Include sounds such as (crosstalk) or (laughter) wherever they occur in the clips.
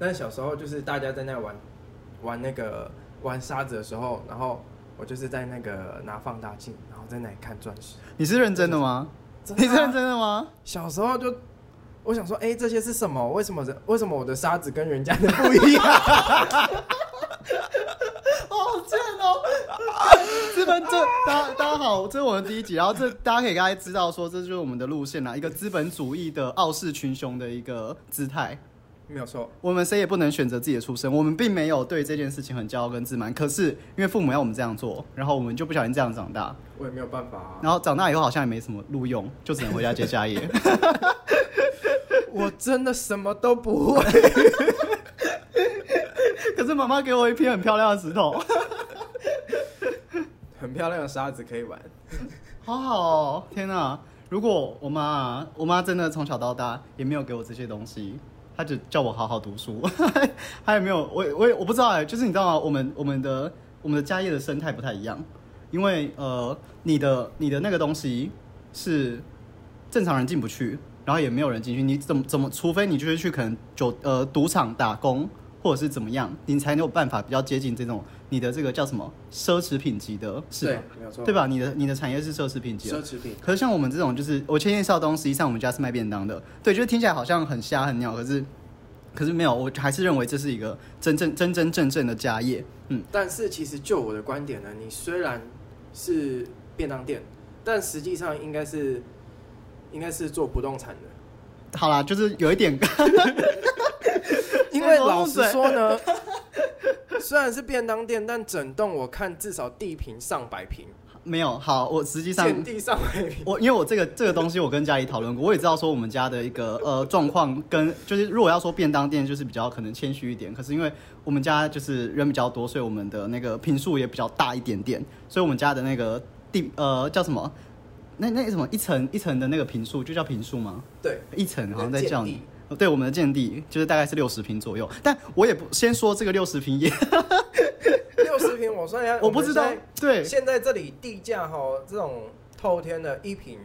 但小時候就是大家在那玩，玩那個玩沙子的時候，然後我就是在那個拿放大鏡，然後在那裡看鑽石。你是認真的嗎？的啊、你是認真的嗎？小時候就我想說，哎、欸，這些是什麼？為什麼？為什麼我的沙子跟人家的不一樣？好 (laughs) 賤 (laughs) (laughs) (laughs) 哦！資、哦、 (laughs) 本這，大家大家好，這是我們的第一集，然後這大家可以大概知道說，這就是我們的路線啦，一個資本主義的傲視群雄的一個姿態。沒有錯，我們誰也不能選擇自己的出身，我們並沒有對這件事情很驕傲跟自滿。可是因為父母要我們這樣做，然後我們就不小心這樣長大，我也沒有辦法啊。然後長大以後好像也沒什麼路用，就只能回家接家業。 (laughs) (laughs) 我真的什麼都不會， (laughs) 可是媽媽給我一片很漂亮的石頭， (laughs) 很漂亮的沙子可以玩， (laughs) 好好哦！天哪，如果我媽，我媽真的從小到大也沒有給我這些東西。他就叫我好好讀書， (laughs) 還有沒有？我也我也我不知道哎，就是你知道嗎？我們我們的我們的家業的生態不太一樣，因為呃，你的你的那個東西是正常人進不去，然後也沒有人進去，你怎麼怎麼？除非你就是去可能酒呃賭場打工，或者是怎麼樣，你才沒有辦法比較接近這種你的這個叫什麼奢侈品級的，是對，對吧？你的你的產業是奢侈品級，奢侈品。可是像我們這種，就是我前面少東，實際上我們家是賣便當的，對，就是聽起來好像很瞎很鳥，可是。可是沒有，我還是認為這是一個真正真真正正的家業，嗯。但是其實就我的觀點呢，你雖然是便當店，但實際上應該是應該是做不動產的。好啦，就是有一點 (laughs) (laughs) (laughs) 因為老實說呢， (laughs) 雖然是便當店，但整棟我看至少地坪上百平。沒有好，我實際上我因為我這個這個東西我跟家裡討論過，我也知道說我們家的一個呃狀況跟就是，如果要說便當店就是比較可能謙虛一點，可是因為我們家就是人比較多，所以我們的那個坪數也比較大一點點，所以我們家的那個地，呃叫什麼？那那什麼一層一層的那個坪數就叫坪數嗎？對，一層好像在叫你，你，對，我們的建地就是大概是六十坪左右，但我也不先說這個六十坪也。哈哈我算一下，我不知道。對，現在這裡地價吼，這種透天的一坪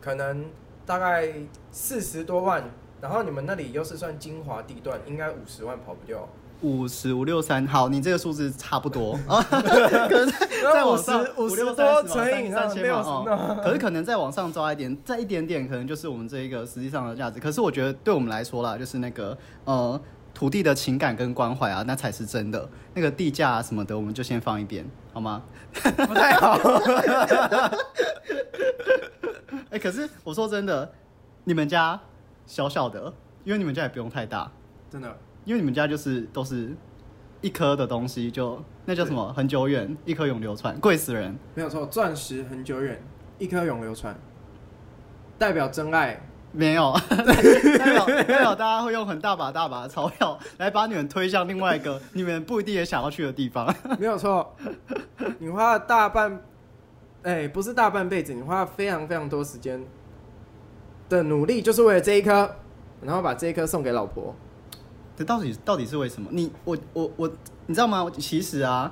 可能大概四十多萬。然後你們那裡又是算精華地段，應該五十萬跑不掉。五十五六三，好，你這個數字差不多。哈哈哈哈哈。在 (laughs) 五十、五十六三十萬以上三千沒有、哦、 (laughs) 可是可能再往上抓一點，再一點點，可能就是我們這一個實際上的價值。可是我覺得對我們來說啦，就是那個，嗯。土地的情感跟關懷啊，那才是真的。那個地價啊什麼的，我們就先放一邊，好嗎？不太好。哎、 (laughs) (laughs) 欸，可是我說真的，你們家小小的，因為你們家也不用太大，真的。因為你們家就是都是，一顆的東西，就那叫什麼？恆久遠，一顆永流傳，貴死人。沒有錯，鑽石恆久遠，一顆永流傳，代表真愛。沒有，沒有， (laughs) 代表，代表大家會用很大把大把的鈔票來把你們推向另外一個你們不一定也想要去的地方。 (laughs) 沒有錯，你花了大半，欸、不是大半輩子，你花了非常非常多時間的努力，就是為了這一顆，然後把這一顆送給老婆。這到底到底是為什麼？你，我，我，我，你知道嗎？其實啊，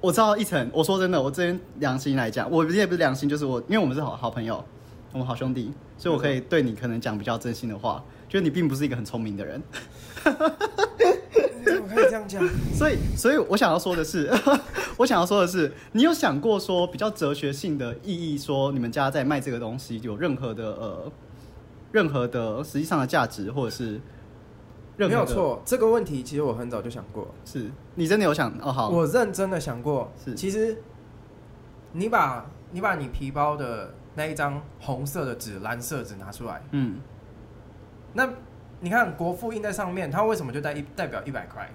我知道一成，我說真的，我這邊良心來講，我不是也不是良心，就是我，因為我們是好好朋友，我們好兄弟。所以，我可以對你可能講比較真心的話，嗯，覺得你並不是一個很聰明的人。怎麼 (laughs) 可以這樣講？ (laughs) 所以，所以我想要說的是， (laughs) 我想要說的是，你有想過說比較哲學性的意義，說你們家在賣這個東西有任何的呃，任何的實際上的價值，或者是任何的，沒有錯，這個問題其實我很早就想過。是，你真的有想？哦，好，我認真的想過。是，其實你把你把你皮包的。那一張紅色的紙、藍色紙拿出來，嗯，那你看國父印在上面，他為什麼就代一代表一百塊？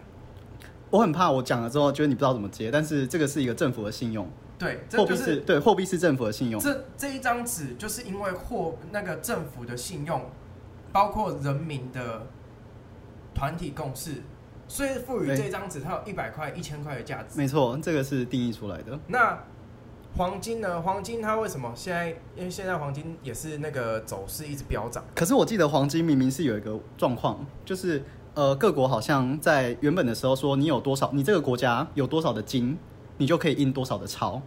我很怕我講了之後，覺得你不知道怎麼接。但是這個是一個政府的信用，對，這就是、貨幣是，對，貨幣是政府的信用。這這一張紙就是因為貨那個政府的信用，包括人民的團體共識，所以賦予這張紙它有一百塊、一千塊的價值。沒錯，這個是定義出來的。那。黃金呢？黃金它為什麼現在？因為現在黃金也是那個走勢一直飆漲。可是我記得黃金明明是有一個狀況，就是呃，各國好像在原本的時候說，你有多少，你這個國家有多少的金，你就可以印多少的鈔。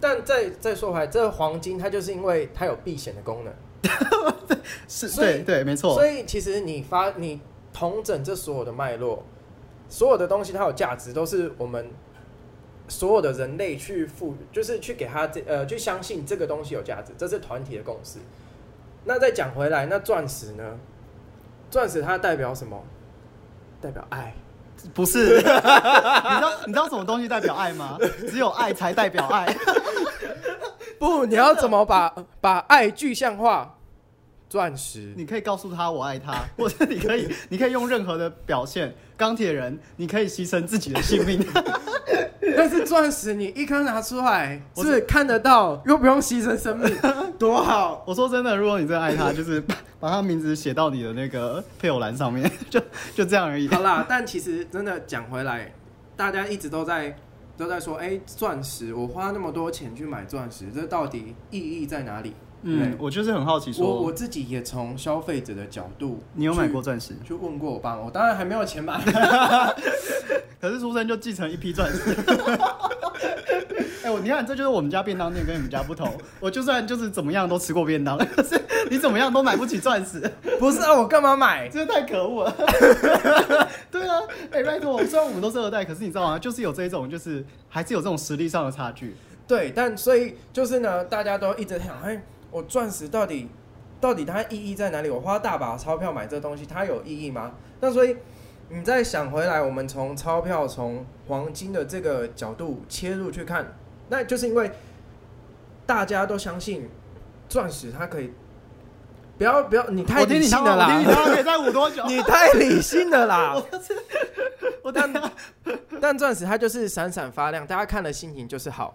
但再再說回來，這個、黃金它就是因為它有避險的功能， (laughs) 對對沒錯。所以其實你發你統整這所有的脈絡，所有的東西它有價值，都是我們。所有的人類去賦予，就是去給他這呃，去相信這個東西有價值，這是團體的共識。那再講回來，那鑽石呢？鑽石它代表什麼？代表愛。不是？ (laughs) 你知道你知道什麼東西代表愛嗎？ (laughs) 只有愛才代表愛。 (laughs) 不，你要怎麼把把愛具象化？鑽石？你可以告訴他我愛他， (laughs) 或者你可以你可以用任何的表現。鋼鐵人，你可以犧牲自己的性命， (laughs) (laughs) 但是鑽石，你一顆拿出來是，是看得到，又不用犧牲生命，多好！ (laughs) 我說真的，如果你真的愛他，就是把他名字寫到你的那個配偶欄上面，就就這樣而已。好啦，但其實真的講回來，大家一直都在都在說，哎、欸，鑽石，我花那麼多錢去買鑽石，這到底意義在哪裡？嗯，yeah, 我就是很好奇說。我我自己也從消費者的角度，你有買過鑽石，就問過我爸，我當然還沒有錢買。 (laughs) (laughs) 可是出生就繼承一批鑽石、 (laughs) 欸。你看，這就是我們家便當店跟你們家不同。我就算就是怎麼樣都吃過便當， (laughs) 你怎麼樣都買不起鑽石。 (laughs) 不是啊、哦，我幹嘛買？真 (laughs) 的太可惡了。 (laughs) 對啊，哎、欸，拜託，雖然我們都是二代，可是你知道嗎、啊？就是有這一種，就是還是有這種實力上的差距。對，但所以就是呢，大家都一直想哎。嘿我、哦，鑽石到底，到底它意義在哪裡？我花大把鈔票買這東西，它有意義嗎？那所以你再想回來，我們從鈔票、從黃金的這個角度切入去看，那就是因為大家都相信鑽石，它可以不要不要，你太理性的啦！你，你， (laughs) 你太理性的啦！我、就是、我 (laughs) 但 (laughs) 但鑽石它就是閃閃發亮，大家看了心情就是好，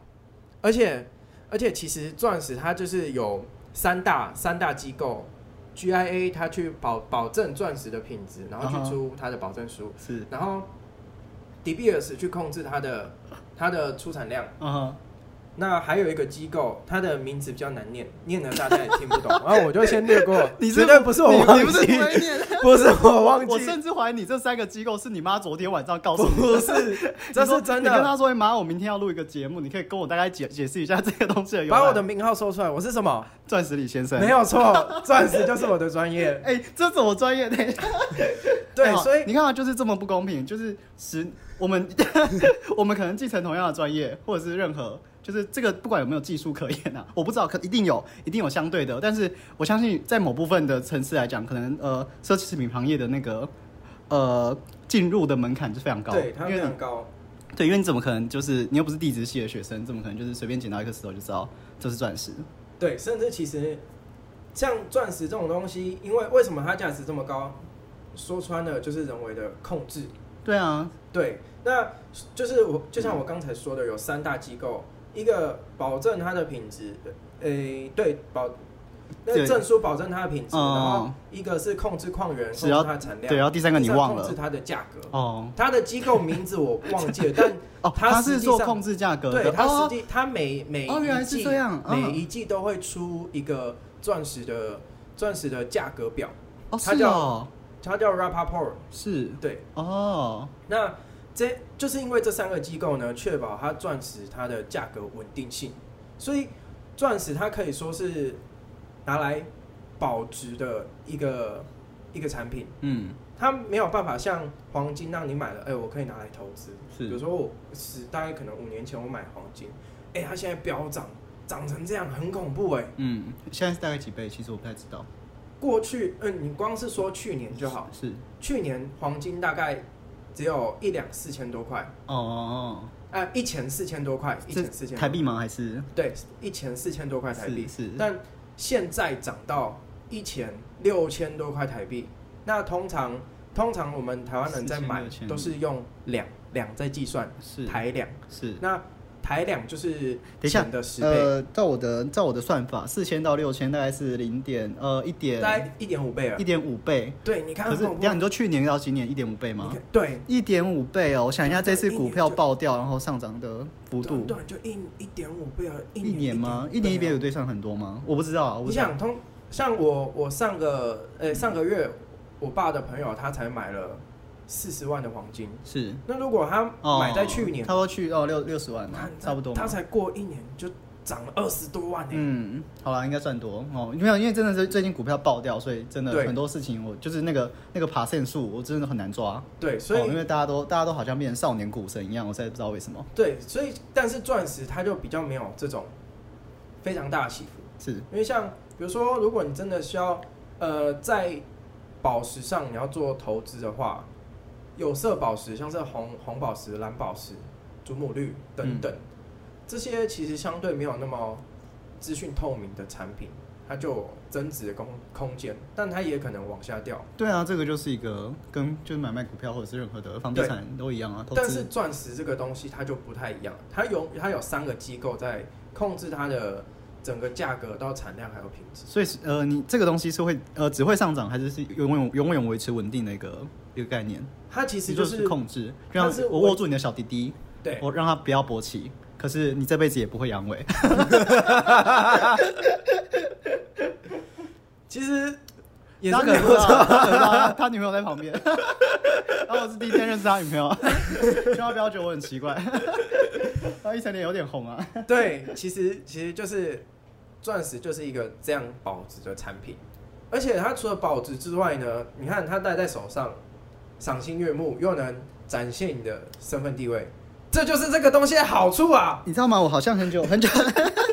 而且。而且其實鑽石它就是有三大三大機構 GIA，它去保保證鑽石的品質，然後去出它的保證書，是、uh -huh.，然後 De Beers 去控制它的它的出產量。Uh -huh. 那還有一個機構，它的名字比較難念，念了大家也聽不懂，然後我就先略過。 (laughs) 你這個不是我忘記，你 (laughs) (laughs) 不是我忘記，我，我甚至懷疑你這三個機構是你媽昨天晚上告訴你不是， (laughs) 這是真的。你跟他說媽，我明天要錄一個節目，你可以跟我大概解解釋一下這個東西的。把我的名號說出來，我是什麼？鑽石李先生。沒有錯，鑽石就是我的專業。哎、 (laughs) 欸，這是我專業呢？等一下 (laughs) 對，所以你看、啊，就是這麼不公平，就是十我們 (laughs) 我們可能繼承同樣的專業，或者是任何。就是這個，不管有沒有技術可言吶、啊，我不知道，可一定有，一定有相對的。但是我相信，在某部分的城市來講，可能呃，奢侈品行業的那個呃，進入的門檻就非常高，對，它非常高，因為。對，因為你怎麼可能就是你又不是地質系的學生，怎麼可能就是隨便撿到一顆石頭就知道這是鑽石？對，甚至其實像鑽石這種東西，因為為什麼它價值這麼高？說穿了就是人為的控制。對啊，對，那就是我就像我剛才說的，嗯、有三大機構。一個保證它的品質，誒、欸，對，保那證書保證它的品質、嗯，然後一個是控制礦源，控制它的產量，對，然後第三個你忘了是它的價格。哦、嗯，它的機構名字我忘記了， (laughs) 但它實際上、哦、他是做控制價格，對，它實際、哦、它每每一季、哦哦，每一季都會出一個鑽石的鑽石的價格表。哦、它叫、哦、它叫 Rapaport，是對哦，那。這就是因為這三個機構呢，確保它鑽石它的價格穩定性，所以鑽石它可以說是拿來保值的一個一個產品。嗯，它沒有辦法像黃金讓你買了，哎，我可以拿來投資。是，比如說我是大概可能五年前我買黃金，哎，它現在飆漲，漲成這樣很恐怖哎。嗯，現在是大概幾倍？其實我不太知道。過去，嗯，你光是說去年就好。是，是去年黃金大概。只有一兩四千多塊哦，哦哦啊，一錢四千多塊，一錢四千台幣嗎？還是對，一錢四千多塊台幣。是，但現在漲到一錢六千多塊台幣。那通常，通常我們台灣人在買 4, 000, 都是用兩兩在計算，是台兩是。那台兩就是等一下的十倍。呃，在我的，在我的算法，四千到六千大概是零點呃一點，大概一點五倍啊，一點五倍。對，你看，可是你看，你說去年到今年一點五倍嗎？對，一點五倍哦。我想一下，這次股票爆掉然後上漲的幅度，對，對對就一一點五倍,一年一點五倍，一年嗎？一年一年有對上很多嗎？我不知道啊，我。你想通，像我我上個呃、欸、上個月我爸的朋友他才買了。四十萬的黃金是，那如果他買在去年，哦、他說去哦六六十萬他，差不多，他才過一年就漲了二十多萬呢、欸。嗯，好啦，應該算多哦。沒有，因為真的是最近股票爆掉，所以真的很多事情我就是那個那個爬線數，數我真的很難抓。對，所以、哦、因為大家都大家都好像變成少年股神一樣，我實在不知道為什麼。對，所以但是鑽石它就比較沒有這種非常大的起伏，是因為像比如說，如果你真的需要呃在寶石上你要做投資的話。有色寶石，像是紅紅寶石、藍寶石、祖母綠等等，嗯，這些其實相對沒有那麼資訊透明的產品，它就增值的空空間，但它也可能往下掉。對啊，這個就是一個跟就是買賣股票或者是任何的房地產都一樣啊。投資。但是鑽石這個東西，它就不太一樣，它有它有三個機構在控制它的。整個價格到產量還有品質，所以呃，你這個東西是會呃只會上漲，還是是永遠永遠維持穩定的一個一個概念？它其實就是，其實就是控制，讓我握住你的小弟弟，對我讓他不要勃起，可是你這輩子也不會陽痿。 (laughs) (laughs) 其實他可不知道，啊、 (laughs) 是 (laughs) 他女朋友在旁邊， (laughs) 然後我是第一天認識他女朋友，千 (laughs) 萬不要覺得我很奇怪。 (laughs) 他一張臉有點紅啊。對，其實其實就是。鑽石就是一個這樣保值的產品，而且它除了保值之外呢，你看它戴在手上，賞心悅目，又能展現你的身份地位，這就是這個東西的好處啊，你知道嗎？我好像很久很久了。 (laughs) (laughs)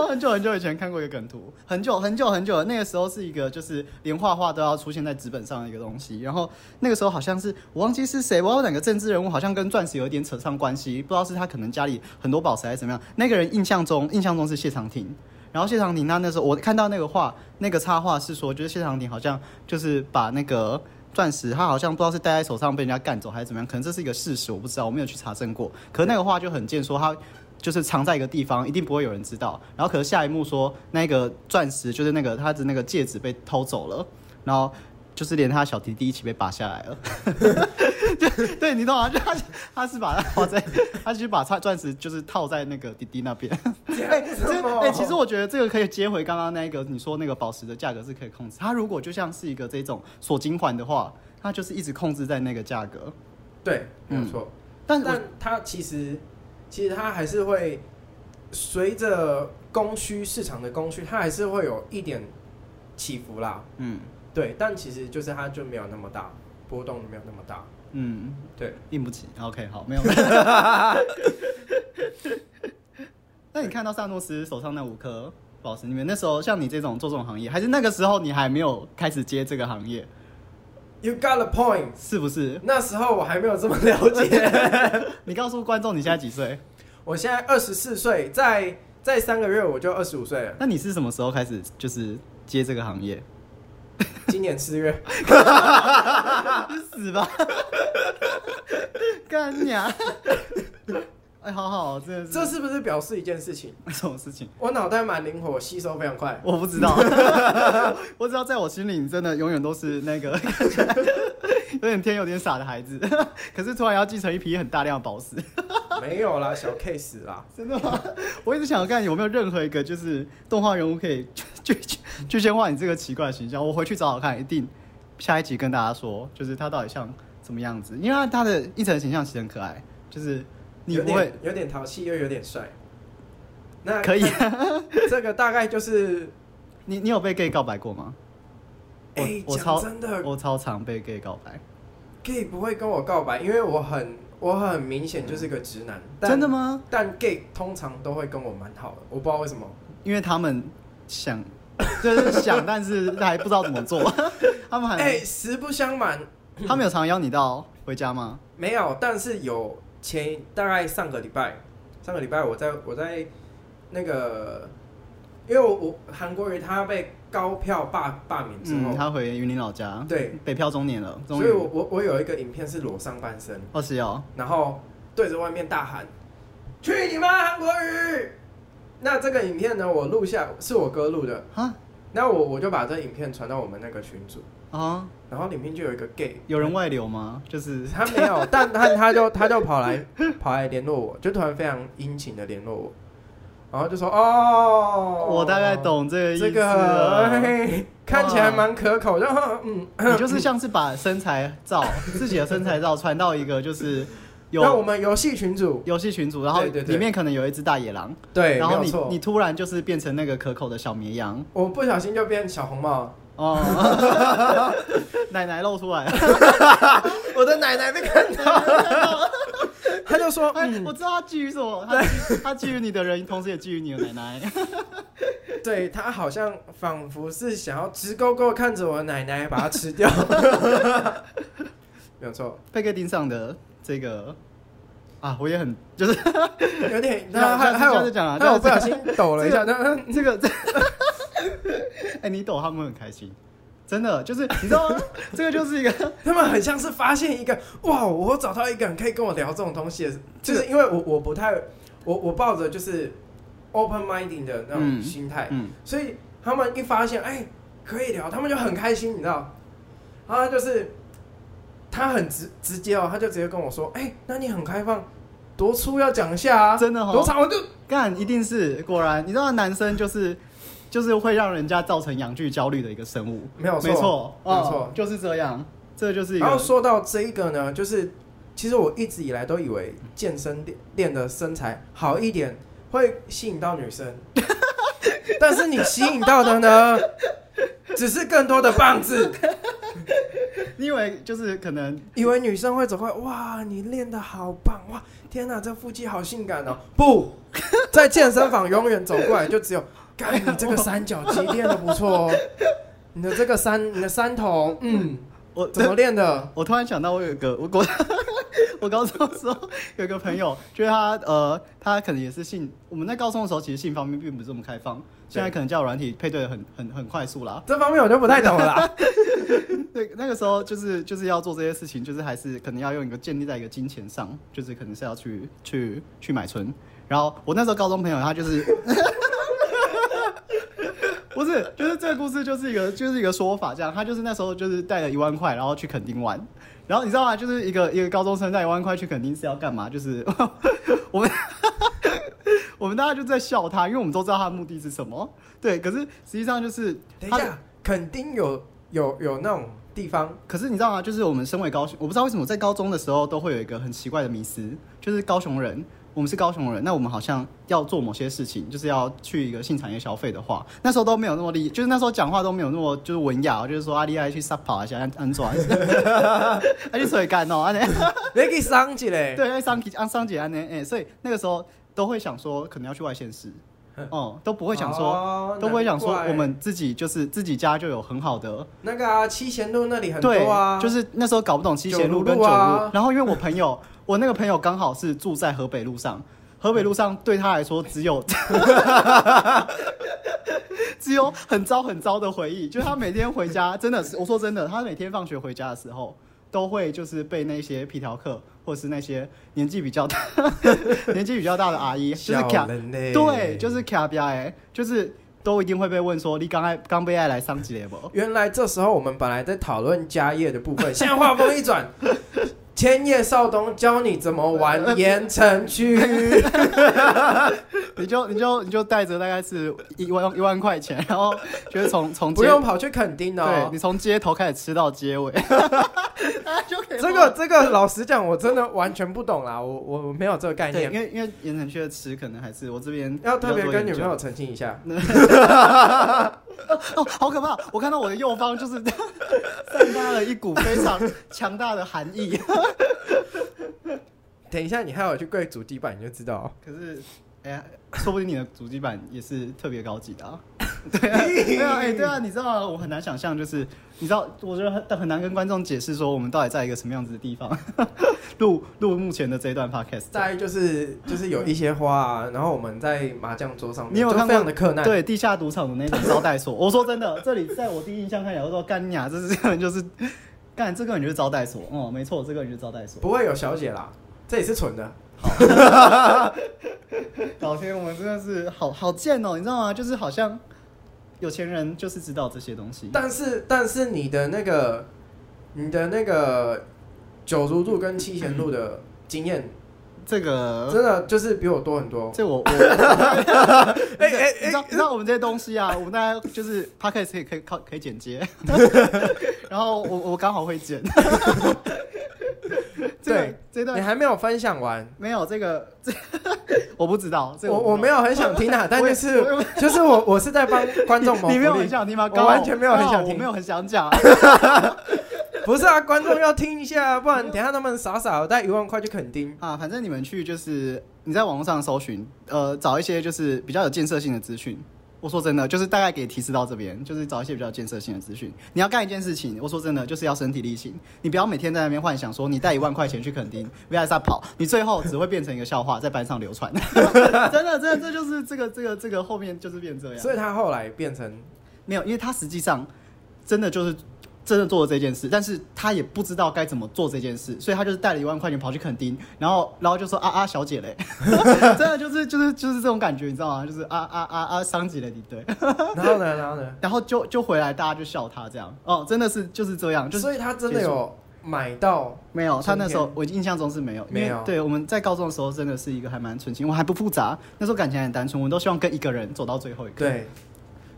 我很久很久以前看過一個梗圖，很久很久很久，那個時候是一個就是連畫畫都要出現在紙本上的一個東西。然後那個時候好像是我忘記是誰，我有兩個政治人物好像跟鑽石有點扯上關係，不知道是他可能家裡很多寶石還是怎麼樣。那個人印象中印象中是謝長廷，然後謝長廷他那時候我看到那個畫那個插畫是說，就是謝長廷好像就是把那個鑽石，他好像不知道是戴在手上被人家幹走還是怎麼樣，可能這是一個事實，我不知道，我沒有去查證過。可是那個畫就很賤，說他。就是藏在一個地方，一定不會有人知道。然後，可是下一幕說，那個鑽石就是那個他的那個戒指被偷走了，然後就是連他小弟弟一起被拔下來了。 (laughs) (laughs) 對對，你懂啊？他他，他是把哇在，他其實把他鑽石就是套在那個弟弟那邊。哎、 (laughs) yeah, 欸，其實我覺得這個可以接回剛剛那個你說那個寶石的價格是可以控制。他如果就像是一個這一種鎖金環的話，他就是一直控制在那個價格。對，沒有錯。但、嗯、但他其實。其實它還是會隨着供需市場的供需，它還是會有一點起伏啦。嗯，對，但其實就是它就沒有那麼大波動，沒有那麼大。嗯，對，硬不起。OK，好，沒有沒有。 (laughs) (laughs) (laughs) 那你看到薩諾斯手上那五顆寶石裡面，你們那時候像你這種做這種行業，還是那個時候你還沒有開始接這個行業？You got a point，是不是？那時候我還沒有這麼了解 (laughs) 你告訴觀眾，你現在幾歲？我現在二十四歲，再再三個月我就二十五歲了。那你是什麼時候開始就是接這個行業？今年四月 (laughs) (laughs) (laughs) 死吧，幹娘。哎，好好，真的是。這是不是表示一件事情？什麼事情？我腦袋蠻靈活，吸收非常快。 (laughs) (laughs) 我不知道，我知道在我心裡，你真的永遠都是那個 (laughs) (laughs) (laughs) 有點天有點傻的孩子。 (laughs) 可是突然要繼承一批很大量的寶石， (laughs) 沒有啦，小 case 啦。 (laughs) (laughs) 真的嗎？ (laughs) 我一直想要看你有沒有任何一個就是動畫人物可以就就就具現化你這個奇怪的形象。我回去找找看，一定下一集跟大家說，就是他到底像什麼樣子？因為他的一層形象其實很可愛，就是。你不會有點，有點淘氣又有點帥，那可以，啊。 (laughs) 這個大概就是你。你有被 gay 告白過嗎？欸、我我超講，真的，我超常被 gay 告白。gay 不會跟我告白，因為我很我很明顯就是個直男，嗯。真的嗎？但 gay 通常都會跟我蠻好的，我不知道為什麼，因為他們想就是想， (laughs) 但是還不知道怎麼做。他們還哎，欸，實不相瞞，他們有常，常邀你到回家嗎？ (laughs) 沒有，但是有。前大概上個禮拜，上個禮拜我在我在那個，因為我我韓國瑜他被高票罷罷免之後，嗯、他回雲林老家，對，北漂中年了。所以我我我有一個影片，是裸上半身，二十秒，然後對着外面大喊：“嗯、去你媽韓國瑜！”那這個影片呢，我錄下是我哥錄的哈，那我我就把這影片傳到我們那個群組。啊，然後裡面就有一個 gay，有人外流嗎？就是他沒有， (laughs) 但他他就他就跑來 (laughs) 跑來聯絡我，就突然非常殷勤的聯絡我，然後就說哦，我大概懂這個意思這個嘿嘿，看起來蠻可口，就嗯，你就是像是把身材照 (laughs) 自己的身材照傳到一個就是有那我們遊戲群組，遊戲群組，然後裡面可能有一隻大野狼，對，對，對，然後你你突然就是變成那個可口的小綿羊，我不小心就變小紅帽。哦， (laughs) 奶奶露出來， (laughs) 我的奶奶被看到了， (laughs) 他就說：“嗯、我知道他覬覦什麼，他他覬覦你的人，同時也覬覦你的奶奶。對”對他好像仿佛是想要直勾勾看着我的奶奶，把它吃掉。 (laughs) 沒有錯，貝克丁上的這個啊，我也很就是有點，他他他有講啊，他我他我不小心抖了一下，這個。 (laughs) (laughs) 哎、 (laughs) 欸，你懂，他們很開心，真的就是你知道嗎，這個就是一個， (laughs) 他們很像是發現一個哇，我找到一個人可以跟我聊這種東西，就是因為我我不太，我我抱着就是 open minding 的那種心態，嗯，所以他們一發現哎、欸、可以聊，他們就很開心，你知道，就是他很直直接哦、喔，他就直接跟我說，哎，那你很開放，多粗要講一下啊，真的喔，多長我就幹，一定是果然，你知道男生就是。 (laughs) 就是會讓人家造成陽具焦慮的一個生物，沒有，沒錯、哦，沒錯，就是這樣，這個、就是一個。然後說到這一個呢，就是其實我一直以來都以為健身練，練的身材好一點會吸引到女生， (laughs) 但是你吸引到的呢， (laughs) 只是更多的棒子。 (laughs) 你以為就是可能以為女生會走過來，哇，你練得好棒，哇，天哪，這腹肌好性感哦！不，在健身房永遠走過來就只有。你這個三角肌練的不錯哦、喔，你的這個三你的三頭，嗯，我怎麼練的？我突然想到，我有一個我高我，我高中的時候有一個朋友，就是他呃，他可能也是性我們在高中的時候其實性方面並不是這麼開放，現在可能叫軟體配對得很很很快速啦，這方面我就不太懂了啦。 (laughs) 對，那個時候就是就是要做這些事情，就是還是可能要用一個建立在一個金錢上，就是可能是要去去去買春，然後我那時候高中朋友他就是。 (laughs) 不是，就是這個故事就是一個就是一個說法，這樣他就是那時候就是帶了一萬塊，然後去墾丁玩，然後你知道嗎？就是一個一個高中生帶一萬塊去墾丁是要幹嘛？就是 (laughs) 我們 (laughs) 我們大家就在笑他，因為我們都知道他的目的是什麼。對，可是實際上就是他，他肯定有有有那種地方，可是你知道嗎？就是我們身為高雄，我不知道為什麼在高中的時候都會有一個很奇怪的迷思，就是高雄人。我們是高雄人，那我們好像要做某些事情，就是要去一個性產業消費的話，那時候都沒有那麼厲，就是那時候講話都沒有那麼就是文雅，就是說阿麗啊要去撒跑、 (laughs) (laughs) (laughs) 啊喔啊、 (laughs) 一下安裝一下那啊去誰幹哦，啊你別給上級嘞，對，要上級，安上級啊你，哎、啊欸，所以那個時候都會想說，可能要去外縣市。哦、嗯，都不會想說，oh, 都不會想說，我們自己就是自己家就有很好的那個啊，七賢路那裡很多啊，對，就是那時候搞不懂七賢路跟九路，九路、啊。然後因為我朋友， (laughs) 我那個朋友剛好是住在河北路上，河北路上對他來說只有 (laughs) 只有很糟很糟的回憶，就是、他每天回家，真的，我說真的，他每天放學回家的時候。都會就是被那些皮條客，或是那些年紀比較大、 (laughs) 年紀比較大的阿姨， (laughs) 就是卡、欸、對，就是卡比亞，哎，就是都一定會被問說，你剛愛剛被愛來升級了不？原來這時候我們本來在討論家業的部分， (laughs) 現在話鋒一轉。 (laughs) 千葉少東教你怎麼玩鹽埕區，你就你就你就帶着大概是一萬一萬塊錢，然後就是從從不用跑去墾丁哦，對你從街頭開始吃到街尾， (laughs) (laughs) (laughs) (laughs) 這個這個老實講，我真的完全不懂啦，我我沒有這個概念，因為因為鹽埕區的吃可能還是我這邊要特別跟女朋友澄清一下 (laughs) (laughs) 哦，哦，好可怕，我看到我的右方就是 (laughs) 散發了一股非常強大的寒意。 (laughs) (laughs) 等一下，你害我去跪主機板，你就知道。可是，哎呀，說不定你的主機板也是特別高級的啊， (laughs) 對啊， (laughs) 啊。對啊，對啊，哎，對啊，你知道我很難想象，就是你知道，我覺得很很難跟觀眾解釋說我們到底在一個什麼樣子的地方錄錄 (laughs) 目前的這一段 podcast。再就是就是有一些花啊， (laughs) 然後我們在麻將桌上你有看過這樣的客奈？對，地下賭場的那種 (laughs) 招待所。我說真的，這裡在我第一印象看起來，有時說干啞就是這樣，就是。 (laughs) 幹，這個你就是招待所，哦，沒錯，這個你就是招待所，不會有小姐啦，嗯、這也是蠢的。好 (laughs) 老天，我們真的是好好賤哦，你知道嗎？就是好像有錢人就是知道這些東西，但是但是你的那個你的那個九如路跟七賢路的經驗。嗯這個真的就是比我多很多。這我我，哎 (laughs) 哎， (laughs) 那、欸欸你知道，欸、你知道我們這些東西啊，欸、我們大家就是他可以可以可以可以剪接， (laughs) 然後我我剛好會剪。 (laughs) 這個、對，這段、個、你還沒有分享完，沒有這個這，我不知道。這個、我沒我，我沒有很想聽啊， (laughs) 但就是我也就是我 (laughs) 我是在幫觀眾們。你沒有很想聽嗎？我完全沒有很想聽，沒有很想講、啊。 (laughs) 不是啊，觀眾要聽一下，不然等一下他們傻傻的帶一萬塊去墾丁啊。反正你們去就是你在網絡上搜尋，呃，找一些就是比較有建設性的資訊。我說真的，就是大概給提示到這邊，就是找一些比較建設性的資訊。你要幹一件事情，我說真的，就是要身體力行。你不要每天在那邊幻想說你帶一萬塊錢去墾丁，VS 跑， (laughs) 你最後只會變成一個笑話在班上流傳。 (laughs) (laughs) 真的，真的，這就是這個這個這個後面就是變這樣。所以他後來變成沒有，因為他實際上真的就是。真的做了這件事，但是他也不知道該怎麼做這件事，所以他就是帶了一萬塊錢跑去墾丁，然後，然後就說啊啊小姐嘞， (laughs) 真的就是就是就是這種感覺，你知道嗎？就是啊啊啊啊傷及了你，對。然後呢，然後呢，然後就就回來，大家就笑他這樣，哦，真的是就是這樣，就是。所以他真的有買到？沒有，他那時候我印象中是沒有因為，沒有。對，我們在高中的時候真的是一個還蠻純情，我還不複雜，那時候感情很單純，我們都希望跟一個人走到最後一個。對。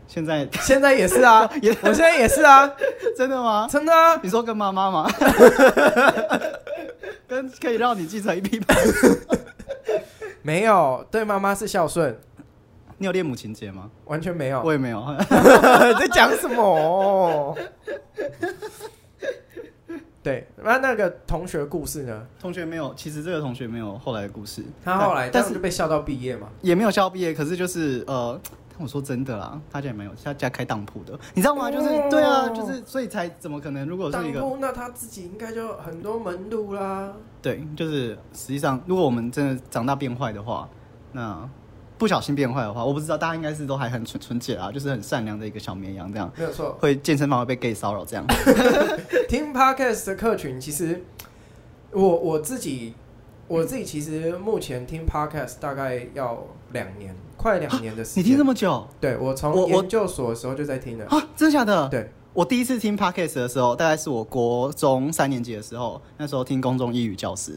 現在 (laughs) 現在也是啊，也 (laughs) 我現在也是啊，真的嗎？真的啊！你說跟媽媽嗎？ (laughs) (laughs) 跟可以讓你繼承一筆嗎？沒有，對媽媽是孝順。你有戀母情結嗎？完全沒有，我也沒有。 (laughs) (laughs) 在講什麼？ (laughs) 對，那那個同學故事呢？同學沒有，其實這個同學沒有後來的故事。他後來，但是就被笑到畢業嘛？也沒有笑到畢業，可是就是呃。我說真的啦，他家也沒有，他家開當鋪的，你知道嗎？就是對啊，就是所以才怎麼可能？如果是一個當鋪，那他自己應該就很多門路啦。對，就是實際上，如果我們真的長大變壞的話，那不小心變壞的話，我不知道大家應該是都還很純純潔啊，就是很善良的一個小綿羊這樣。沒有錯，會健身房會被 gay 騷擾這樣。 (laughs) 聽 podcast 的客群，其實我我自己我自己其實目前聽 podcast 大概要兩年。快兩年的時間。啊，你聽這麼久？對我從我研究所的時候就在聽的啊，真的假的？對，我第一次聽 podcast 的時候，大概是我國中三年級的時候，那時候聽公眾英語教師，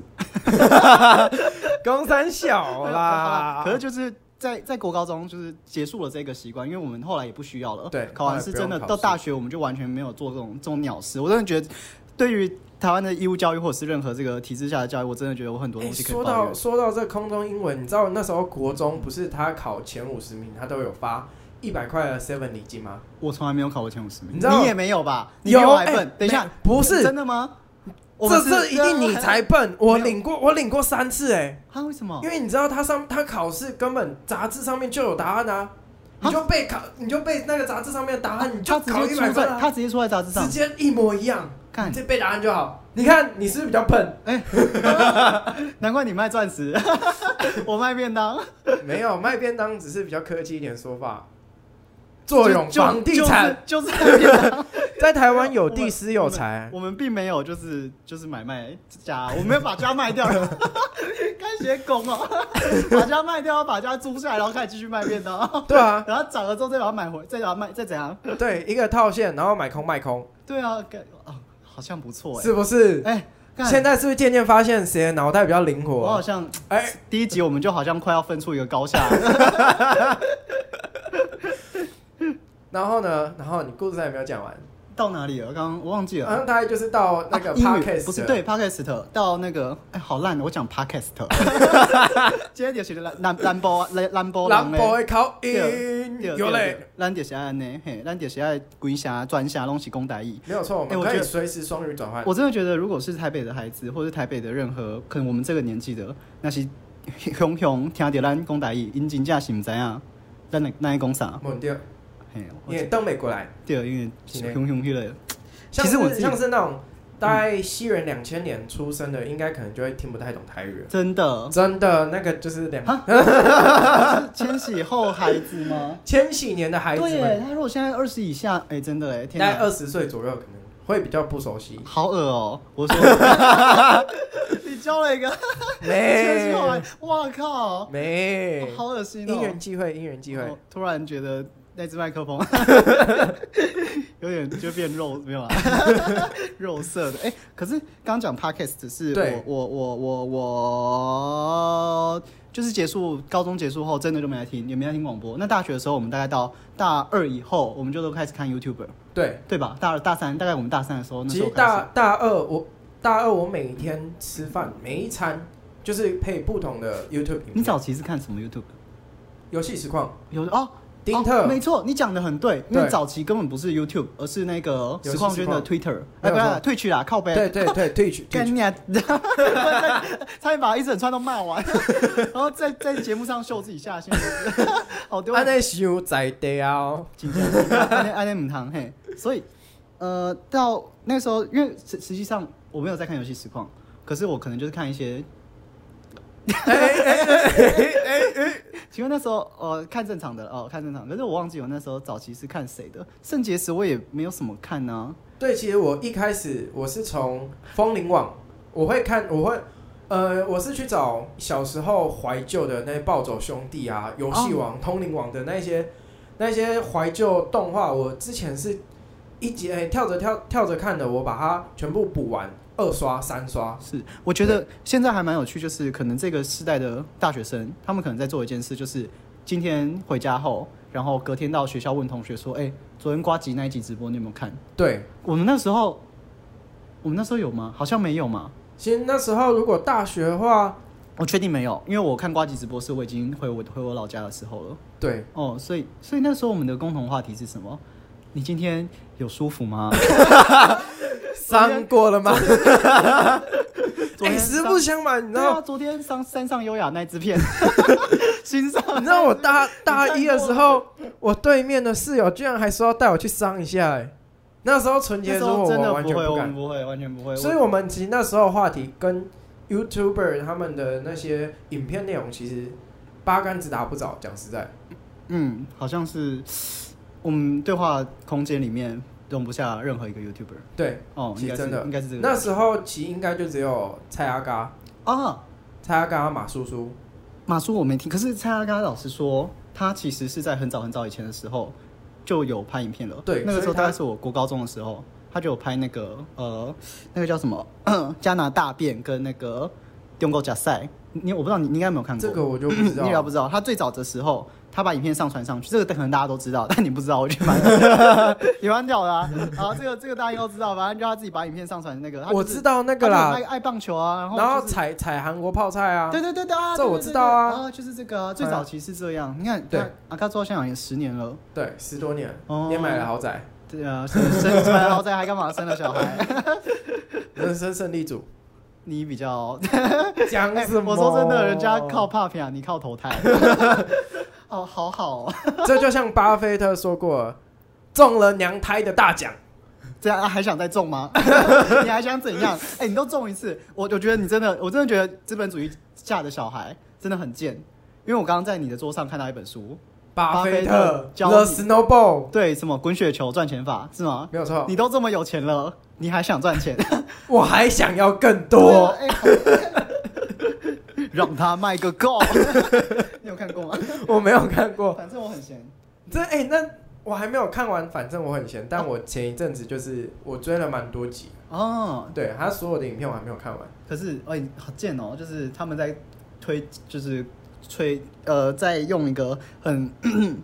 (laughs) 公三小啦。 (laughs) 可是就是在在國高中就是結束了這個習慣，因為我們後來也不需要了。對，考完是真的到大學，我們就完全沒有做這種這種鳥事。我真的覺得對於。台灣的義務教育或者是任何這個體制下的教育，我真的覺得有很多東西可以、欸。說到說到這空中英文，你知道那時候國中不是他考前五十名，他都有發一百塊的 Seven 禮金嗎？我從來沒有考過前五十名，你知道你也沒有吧？你有哎、欸，等一下，欸、不是真的嗎？我是這這一定你才笨。我領過，我領過三次哎、欸。他為什麼？因為你知道他上他考試根本雜誌上面就有答案啊。你就背考，你就背那個雜誌上面的答案，啊、你就考一百分，啊。他直接出來雜誌直接一模一樣。看，直接背答案就好。你看，你是不是比較笨？哎、欸， (laughs) 難怪你賣鑽石， (laughs) 我賣便當。 (laughs) 沒有，賣便當只是比較科技一點的說法。作用房地產就,就、就是、就是啊、 (laughs) 在台灣有地私有財， (laughs) 我們並沒有就是就是買賣家、啊，我們沒有把家賣掉，干學工哦，把家賣掉，把家租出來，然後開始繼續賣便當。對啊，然後漲了之後再把它買回，再把它賣，再怎樣？對，一個套現，然後買空賣空。對啊，感、哦、好像不錯哎，是不是？哎、欸，現在是不是漸漸發現誰腦袋比較靈活、啊？我好像哎、欸，第一集我們就好像快要分出一個高下了。 (laughs) (laughs) 然後呢？然後你故事還沒有講完，到哪裡了？剛剛我忘記了、啊。好像大概就是到那個、啊、英語、Parkcast、不是對，Parkcast 到那個哎、欸，好爛的、喔。我講 Parkcast，這就是南南南部南南部南部的口音，有不對，對，對？咱就是愛安尼嘿，咱就是愛滾蝦轉蝦攏起講台語，沒有錯。我可以隨時雙語轉換、欸。我真的覺得，如果是台北的孩子，或者台北的任何可能我們這個年紀的，那些熊熊聽到咱講台語，因真正是唔知啊，咱來咱來講啥？冇對。因為東北過來，對，因為其實我像是那種大概西元兩千年出生的，嗯、應該可能就會聽不太懂台語。真的，真的，那個就是兩千禧後孩子嗎？ (laughs) 千禧年的孩子對，他如果現在二十以下，哎、欸，真的嘞，大概二十歲左右可能會比較不熟悉。好惡哦、喔！我說 (laughs) (laughs) 你教了一個沒？我靠，沒，好惡心、喔。因緣際會，因緣際會、哦，突然覺得。那支麥克風 (laughs) (laughs) 有點就變肉沒有啊， (laughs) 肉色的、 (laughs) 欸、可是剛講 Podcast 是我我我我我，我我我就是結束高中結束後真的就沒來聽，也沒來聽廣播。那大學的時候，我們大概到大二以後，我們就都開始看 YouTube，對對吧？大二大三，大概我們大三的時候，其實那時候大大二我大二我每一天吃飯每一餐就是配不同的 YouTube。你早期是看什麼 YouTube？遊戲實況有哦。Oh! 哦、沒錯，你講得很對，對，因為早期根本不是 YouTube，而是那個實況圈的 Twitter，哎、欸欸，不要 Twitch 啦，靠背。對對對，Twi (laughs) tch< 甘娘>。 (laughs) (laughs) (laughs) 差點把一整串都罵完，然後在在節目上秀自己下線。好 (laughs) 丟、哦、啊！在秀在丟，今天愛愛民堂嘿。所以呃，到那個時候，因為實實際上我沒有在看遊戲實況，可是我可能就是看一些。哎哎哎哎哎！請問那時候呃看正常的，哦看正常，可是我忘記我那時候早期是看誰的聖結石，我也沒有什麼看呢、啊。對，其實我一開始我是從楓林網，我會看，我會呃我是去找小時候懷舊的那些暴走兄弟啊、遊戲王、哦、通靈王的那些那些懷舊動畫，我之前是一集哎、欸、跳着跳跳着看的，我把它全部補完。二刷三刷是，我覺得現在還蠻有趣，就是可能這個時代的大學生，他們可能在做一件事，就是今天回家後，然後隔天到學校問同學說：“哎、欸，昨天呱吉那一集直播你有沒有看？”對，我們那時候，我們那時候有嗎？好像沒有嘛。其實那時候如果大學的話，我確定沒有，因為我看呱吉直播是我已經回我回我老家的時候了。對，哦，所以所以那時候我們的共同話題是什麼？你今天有舒服嗎？ (laughs) 上過了嗎？哎，實、 (laughs) 欸、不相瞞，你知道嗎、啊？昨天上山上優雅那支片，欣 (laughs) 賞。你知道我大大一的時候，我對面的室友居然還說要帶我去上一下，欸。哎，那時候純潔的時候，我們不會，完全不會。所以，我們其實那時候話題跟 YouTuber 他們的那些影片內容，其實八竿子打不着。講實在，嗯，好像是我們對話空間裡面。容不下任何一個 YouTuber。對，哦，其實應該是真的，應該是這個。那時候其實應該就只有蔡阿嘎啊，oh, 蔡阿嘎、馬叔叔、馬叔我沒聽。可是蔡阿嘎老師說，他其實是在很早很早以前的時候就有拍影片了。對，那個時候大概是我國高中的時候，他就有拍那個呃，那個叫什麼 (coughs) 加拿大變跟那個丟狗加賽。你我不知道你，你應該沒有看過。這個我就不知道， (laughs) 你也不知道，他最早的時候。他把影片上傳上去，這個可能大家都知道，但你不知道，我就把刪掉了。 (laughs) 也好，啊， (laughs) 這個這個大家都知道，吧？他就他自己把影片上傳那個、就是。我知道那個啦愛愛棒球啊，然後、就是、然後踩踩韓國泡菜啊。對對對對啊，這我知道啊，啊，就是這個最早期是這樣。啊、你看，他對，阿、啊、卡做香港也十年了，對，十多年，也、嗯、買了豪宅，對啊，生出了豪宅還幹嘛生了小孩？人 (laughs) 生勝利組，你比較講 (laughs) 什麼、欸？我說真的，人家靠拍片，你靠投胎。 (laughs) 哦、oh，好好，哦。 (laughs) 這就像巴菲特說過，中了娘胎的大獎，這樣、啊、還想再中嗎？ (laughs) (laughs) 你還想怎樣？哎、欸，你都中一次，我我覺得你真的，我真的覺得資本主義下的小孩真的很賤，因為我剛剛在你的桌上看到一本書，Buffett, 巴菲特教的 Snowball，對，什麼滾雪球賺錢法是嗎？沒有錯，你都這麼有錢了，你還想賺錢？ (laughs) 我還想要更多。 (laughs) (laughs) 讓他賣個夠。 (laughs) 你有看過嗎？ (laughs) 我沒有看過。 (laughs) 反正我很閒。這、欸、哎，那我還沒有看完。反正我很閒。但我前一陣子就是我追了蠻多集哦對，對他所有的影片我還沒有看完，哦。可是哎、欸，好賤哦！就是他們在推，就是推呃，在用一個很 (coughs)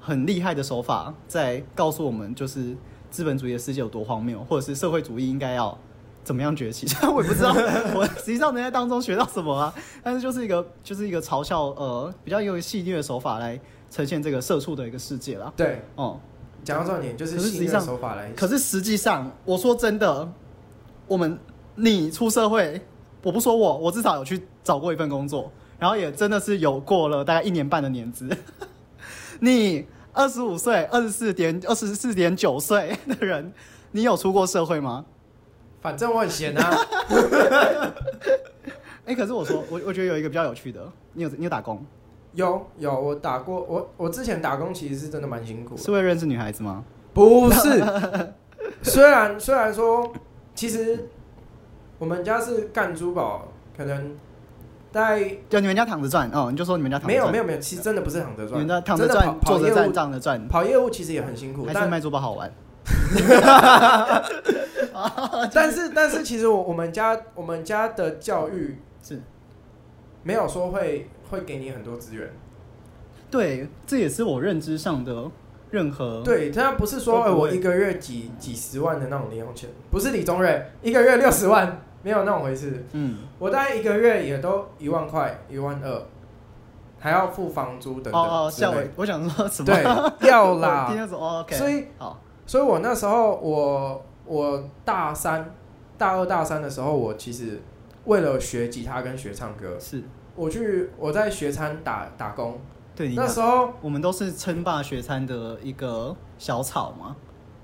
很厲害的手法，在告訴我們，就是資本主義的世界有多荒謬，或者是社會主義應該要。怎麼樣崛起？ (laughs) 我也不知道， (laughs) 我實際上能在當中學到什麼啊？但是就是一個，就是一個嘲笑，呃，比較用戲謔的手法來呈現這個社畜的一個世界啦。對，哦、嗯，講到這點，就是戲謔手法來、嗯。可是實際上，可是實際上，我說真的，我們你出社會，我不說我，我至少有去找過一份工作，然後也真的是有過了大概一年半的年資。 (laughs) 你二十五歲、二十四點、二十四點九歲的人，你有出過社會嗎？反正我很閒啊。 (laughs) 哎、 (laughs) 欸，可是我說，我我覺得有一個比較有趣的，你有你有打工？有有，我打過，我我之前打工其實是真的蠻辛苦。是為了認識女孩子嗎？不是。 (laughs) 雖然雖然說，其實我們家是幹珠寶，可能在就你們家躺着賺哦？你就說你們家躺着賺，沒有沒有沒有，其實真的不是躺着賺。嗯，你們家躺着賺、坐着賺、躺着賺、跑業務其實也很辛苦，還是賣珠寶好玩。但 (laughs) 是但是，但是其實我我們家我們家的教育是沒有說會會給你很多資源。對，這也是我認知上的任何對，他不是說不我一個月幾幾十萬的那種零用錢，不是李宗瑞一個月六十萬，沒有那種回事。嗯，我大概一個月也都一萬塊，一萬二，還要付房租等等。對、oh, oh, 我,我想說什麼？對，要啦， (laughs) oh, okay. 所以好。所以，我那時候我，我我大三、大二、大三的時候，我其實為了學吉他跟學唱歌，是，我去我在學餐打打工。對，那時候我們都是稱霸學餐的一個小草嘛？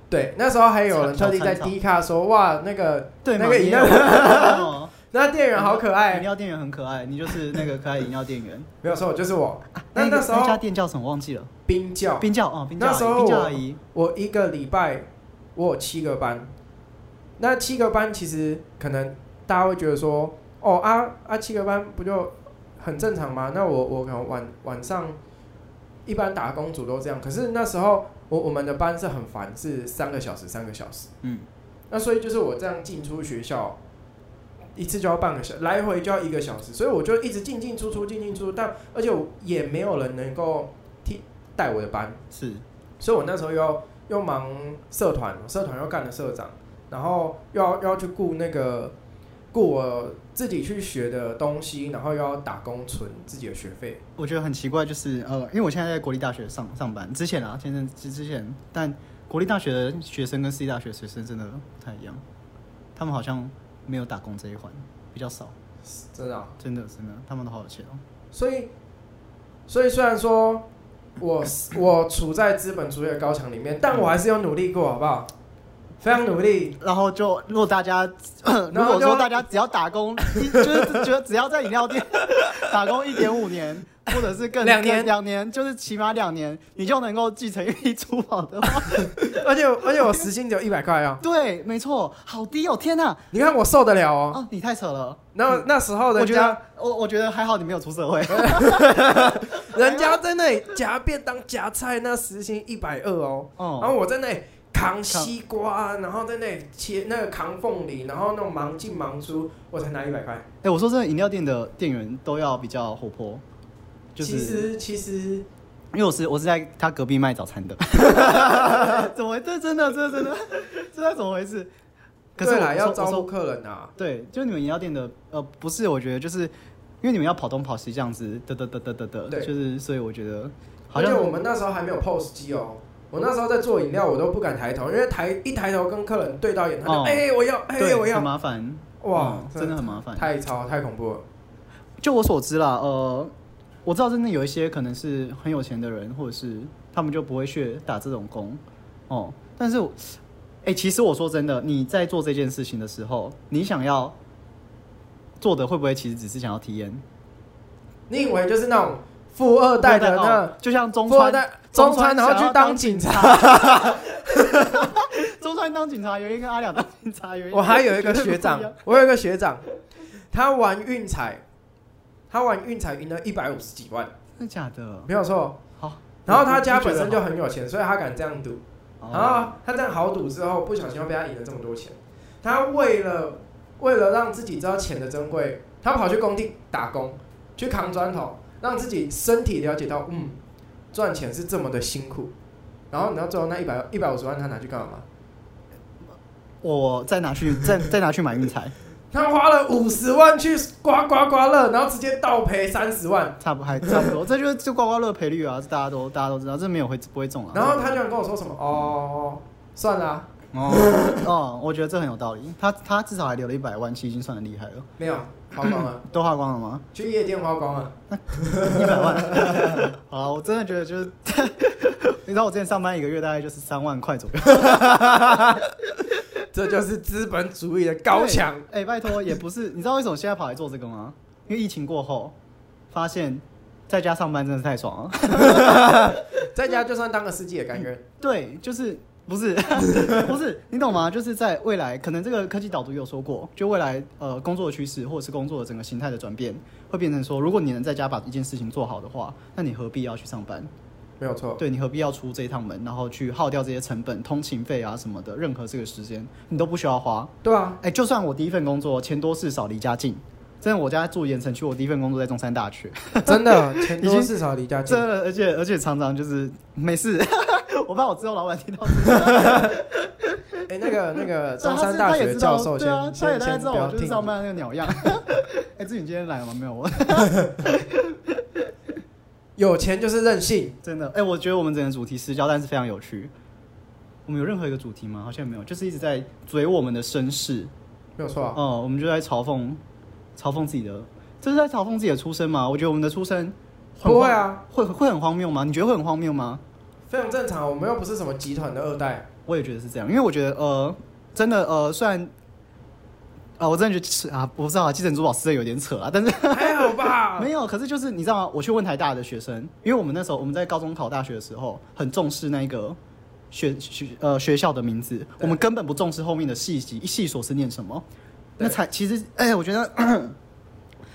對，那時候還有人特地在 D 卡說超超：“哇，那個，對，那個。 (laughs) ”那店員好可愛，欸，飲料店員很可愛， (laughs) 你就是那個可愛飲料店員。沒有錯，就是我。啊、那那時候那，那，那，那家店叫什麼？忘記了冰窖。冰窖，哦。冰窖啊，那時候我冰窖阿姨，我一個禮拜，我有七個班，那七個班其實可能大家會覺得說，哦啊啊七個班不就很正常嗎？那我我可能晚晚上一般打工族都這樣。可是那時候我我們的班是很煩，是三個小時三個小時。嗯。那所以就是我這樣進出學校。一次就要半個小時，來回就要一個小時，所以我就一直進進出出，進進出出。但而且我也沒有人能夠替帶我的班，是。所以我那時候又又忙社團，社團又幹了社長，然後又要，要去顧那個顧我自己去學的東西，然後又要打工存自己的學費。我覺得很奇怪，就是呃，因為我現在在國立大學上上班，之前啊，先生之之前，但國立大學的學生跟私立大學的學生真的不太一樣，他們好像。沒有打工這一環，比較少，真的、喔，真的真的，他們都好有錢哦、喔。所以，所以雖然說我我處在資本主義的高牆裡面，但我還是有努力過，好不好、嗯？非常努力。然後就如果大家，如果說大家只要打工，就是覺得只要在飲料店打工一點五年。或者是更兩年，兩年就是起碼兩年，你就能夠繼承一批珠寶的話， (laughs) 而且而且我時薪只有一百塊啊，對，沒錯，好低哦，天哪、啊！你看我受得了哦。哦你太扯了。那、嗯、那時候人家，我覺得我我覺得還好，你沒有出社會。 (laughs) (laughs) 人家在那裡夾便當、夾菜，那時薪一百二哦、嗯。然後我在那裡扛西瓜，然後在那裡切那個扛鳳梨，然後那種忙進忙出，我才拿一百塊。哎、欸，我說真的，飲料店的店員都要比較活潑。就是、其實其實，因為我是我是在他隔壁賣早餐的。 (laughs) (laughs) 怎麼回事？真的真的，真的知道怎麼回事？可是還要招呼客人啊！對，就你們飲料店的呃，不是我覺得就是因為你們要跑東跑西這樣子。對對對對對對，就是所以我覺得好像我們那時候還沒有 POS 機哦，我那時候在做飲料，我都不敢抬頭，因為抬一抬頭跟客人對到眼，哦，他就哎我要哎我要，欸、我要很麻煩哇，嗯真的，真的很麻煩，太吵太恐怖了。就我所知啦，呃。我知道真的有一些可能是很有錢的人，或者是他們就不會去打這種工，哦。但是，哎、欸，其實我說真的，你在做這件事情的時候，你想要做的會不會其實只是想要體驗？你以為就是那種富二代的那，那、哦、就像中川，中川然後去當警察， (laughs) 中川當警察，有一個阿亮當警察有一，我還有一個學長，我有一個學長，他玩運彩。他玩運彩贏了一百五十幾萬，真的假的？沒有錯。好，然後他家本身就很有錢，哦、所以他敢這樣賭、哦。然後他這樣豪賭之後，不小心被他贏了這麼多錢。他為了為了讓自己知道錢的珍貴，他跑去工地打工，去扛磚頭，讓自己身體了解到，嗯，賺錢是這麼的辛苦。然後你知道最後那一百一百五十萬，他拿去幹嘛？我再拿去， (laughs) 再再拿去買運彩。他花了五十萬去刮刮刮樂，然後直接倒賠三十萬，差不多還差不多。這就是這刮刮樂賠率啊，大家都大家都知道，這沒有會不會中啊？然後他居然跟我說什麼哦、嗯，算了，啊、哦 (laughs) 哦，我覺得這很有道理。他他至少還留了一百萬，其實已經算很厲害了。沒有花光了，嗯，都花光了嗎？去夜店花光了，一 (laughs) 百萬。 (laughs) 好，啊、我真的覺得就是， (laughs) 你知道我之前上班一個月大概就是三萬塊左右。 (laughs) (laughs) 這就是資本主義的高牆。哎、欸，拜託，也不是。你知道為什麼現在跑來做這個嗎？因為疫情過後，發現在家上班真的是太爽了。 (laughs) (laughs) 在家就算當個司機也感覺。對，就是不是，不是，你懂嗎？就是在未來，可能這個科技導讀有說過，就未來呃工作的趨勢或者是工作的整個形態的轉變，會變成說，如果你能在家把一件事情做好的話，那你何必要去上班？沒有錯，對，你何必要出這一趟門，然後去耗掉這些成本、通勤費啊什麼的？任何這個時間你都不需要花，對啊，哎、欸，就算我第一份工作錢多事少離家近，真的，我家住鹽埕區，我第一份工作在中山大學， (laughs) 真的錢多事少離家近， (laughs) 真的，而且而且常常就是沒事。 (laughs) 我怕我之後老闆聽到，哎、 (laughs) (laughs) 欸，那個那個中山大學教授， (laughs) 對， (laughs) 對啊，他也大家知道 (laughs) 我就是上班 (laughs) 那個鳥樣。哎、 (laughs) 欸，自己今天來了嗎？沒有。 (laughs) (laughs) 有錢就是任性，真的。哎、欸，我覺得我們整個主題私交，但是非常有趣。我們有任何一個主題嗎？好像沒有，就是一直在追我們的身世，沒有錯、啊。哦、嗯，我們就在嘲諷，嘲諷自己的，這是在嘲諷自己的出身嗎？我覺得我們的出身不會啊，會會很荒謬嗎？你覺得會很荒謬嗎？非常正常，我們又不是什麼集團的二代。我也覺得是這樣，因為我覺得，呃，真的，呃，雖然。啊，我真的覺得是啊，我不知道啊，繼承珠寶實在有點扯啊，但是還好吧， (laughs) 沒有。可是就是你知道嗎？我去問台大的學生，因為我們那時候我們在高中考大學的時候，很重視那個學學呃、學校的名字，我們根本不重視後面的系級系所是念什麼。那才其實哎、欸，我覺得這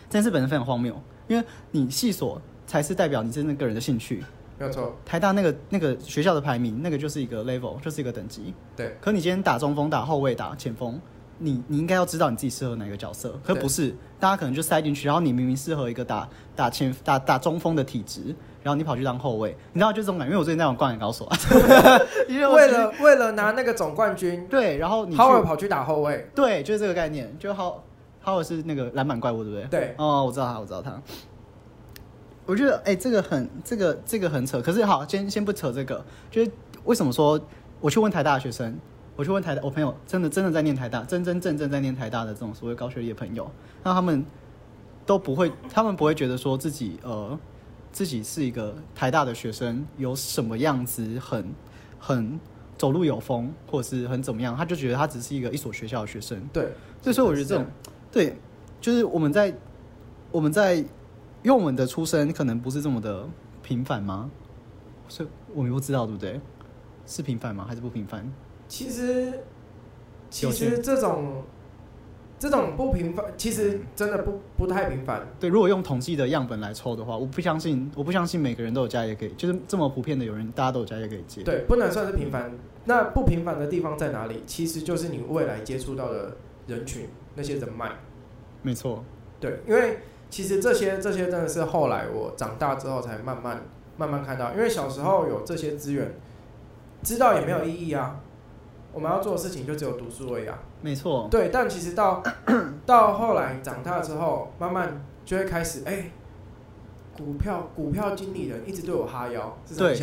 件事本身非常荒謬，因為你系所才是代表你真正個人的興趣。沒有錯，台大那個那個學校的排名，那個就是一個 level，就是一個等級。對。可你今天打中鋒，打後衛，打前鋒，你你應該要知道你自己適合哪個角色，可不是，大家可能就塞進去，然後你明明適合一個打打前打打中鋒的體質，然後你跑去當後衛，你知道就這種感覺。因為我最近在玩灌籃高手啊， (laughs) 為、為了為了拿那個總冠軍，對，然後哈爾跑去打後衛，對，就是這個概念。就哈爾哈爾是那個籃板怪物，對不對？對，哦、oh，我知道他，我知道他。我覺得哎、欸，這個很這個這個很扯，可是好，先先不扯這個，就是為什麼說我去問台大學生？我去問台大，我朋友真的真的在念台大，真真正正在念台大的這種所謂高學歷朋友，那他們都不會，他們不會覺得說自己呃自己是一個台大的學生有什麼樣子很很走路有風，或者是很怎麼樣，他就覺得他只是一個一所學校的學生。對，對所以我覺得、就是、這種對，就是我們在我們在用我們的出身，可能不是這麼的平凡嗎？所以我們不知道對不對？是平凡嗎？還是不平凡？其實，其實這種這種不平凡，其實真的不不太平凡。對，如果用統計的樣本來抽的話，我不相信，我不相信每個人都有家業可以，就是這麼普遍的有人，大家都有家業可以接。對，不能算是平凡，嗯。那不平凡的地方在哪裡？其實就是你未來接觸到的人群，那些人脈。沒錯，對，因為其實這些這些真的是後來我長大之後才慢慢慢慢看到，因為小時候有這些資源，知道也沒有意義啊。我們要做的事情就只有讀書而已啊，沒錯。對，但其實到 (coughs) 到後來長大之後，慢慢就會開始，哎、欸，股票股票經理人一直對我哈腰，對，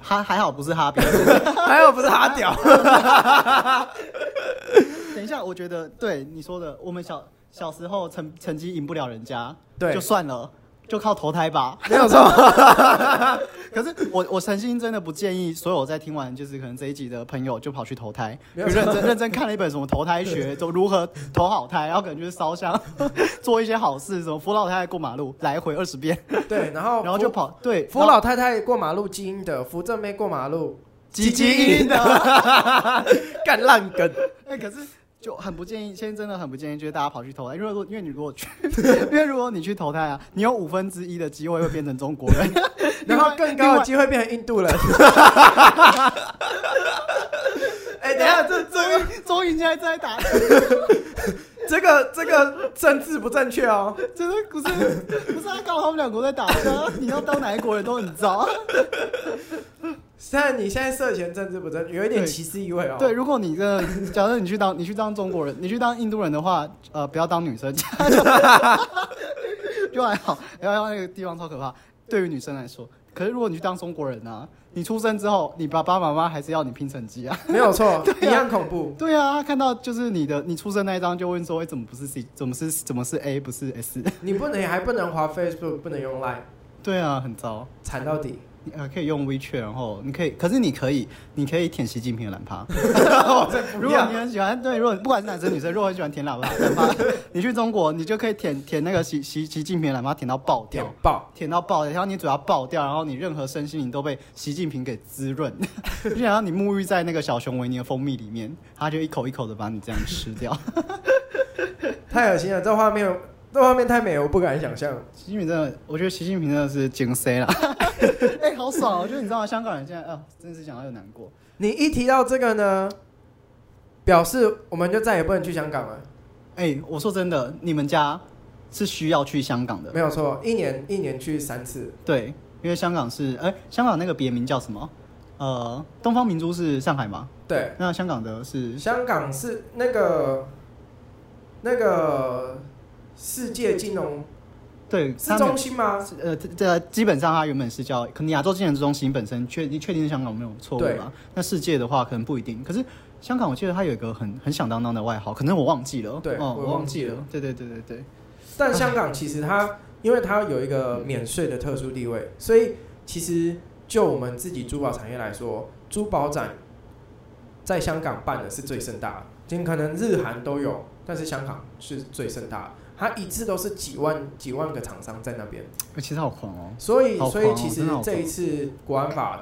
哈還好不是哈屌， (laughs) 還好不是哈屌。 (laughs) (laughs) 等一下，我覺得對你說的，我們小小時候成成績贏不了人家，對，就算了。就靠投胎吧，沒有錯。 (laughs) 可是我我誠心真的不建議所有我在聽完就是可能這一集的朋友就跑去投胎，認真認真看了一本什麼投胎學，就如何投好胎，然後可能就是燒香做一些好事，什麼扶老太太過馬路來回二十遍。對，然後然後就跑，對，扶老太太過馬路基因的，扶正妹過馬路基基因的，幹 (laughs) 爛梗。那、欸、可是。就很不建議，現在真的很不建議，就是大家跑去投胎，因、欸、為，因為你如果去，因為如果你去投胎啊，你有五分之一的機會會變成中國人， (laughs) 然後更高的機會變成印度人。哎、 (laughs) (laughs) 欸，等一下，這個中印現在在打， (laughs) 這個這個政治不正確哦，就是不是不是，不是剛好他們兩國在打架， (laughs) 你要當哪一國人都很糟。 (laughs) 但你現在涉嫌政治不正，有一點歧視意味哦，對。對，如果你的，假設你去當，你去當中國人， (laughs) 你去當印度人的話，呃，不要當女生， (laughs) (laughs) 就還好。L. L. 那個地方超可怕，對於女生來說。可是如果你去當中國人呢？啊，你出生之後，你爸爸媽媽還是要你拼成績啊。沒有錯，一 (laughs) 樣、啊、恐怖。對啊，看到就是你的，你出生那一張就問說，為、欸、什麼不是 C，怎麼是，怎麼是 A，不是 S？你不能，還不能滑 Facebook，不能用 Line。對啊，很糟，慘到底。呃，可以用 WeChat，然後你可以，可是你可以，你可以舔習近平的懶趴。 (laughs) 如果你很喜歡，對，如果不管是男生女生， (laughs) 如果很喜歡舔懶趴的， (laughs) 你去中國，你就可以舔舔那個習習習近平的懶趴，舔到爆掉。舔爆，舔到爆掉，然後你嘴巴爆掉，然後你任何身心靈都被習近平給滋潤。你想，然後你沐浴在那個小熊維尼的蜂蜜裡面，他就一口一口的把你這樣吃掉。 (laughs) 太噁心了，這畫面。那畫面太美，我不敢想象。習近平真的，我覺得習近平真的是精 C 了。哎、 (laughs) (laughs) 欸，好爽、喔！我覺得你知道、啊、香港人現在啊、呃，真的是想到就難過。你一提到這個呢，表示我們就再也不能去香港了。哎、欸，我說真的，你們家是需要去香港的。沒有錯，一年一年去三次。對，因為香港是哎、欸，香港那個別名叫什麼？呃，東方明珠是上海嗎？對。那香港的是？香港是那個那個。世界金融，對，市中心嗎？呃，這這基本上它，原本是叫，可能亞洲金融中心本身確，你確定香港有沒有錯誤嗎對？那世界的話可能不一定。可是香港，我記得它有一個很很響噹噹的外號，可能我忘記了。對、哦我忘記了，我忘記了。對對對對對。但香港其實它，因為它有一個免稅的特殊地位，所以其實就我們自己珠寶產業來說，珠寶展在香港辦的是最盛大的，儘可能日韓都有，但是香港是最盛大的。他一次都是幾萬、幾萬個廠商在那邊，那其實好狂哦、喔。所以、喔，所以其實這一次國安法、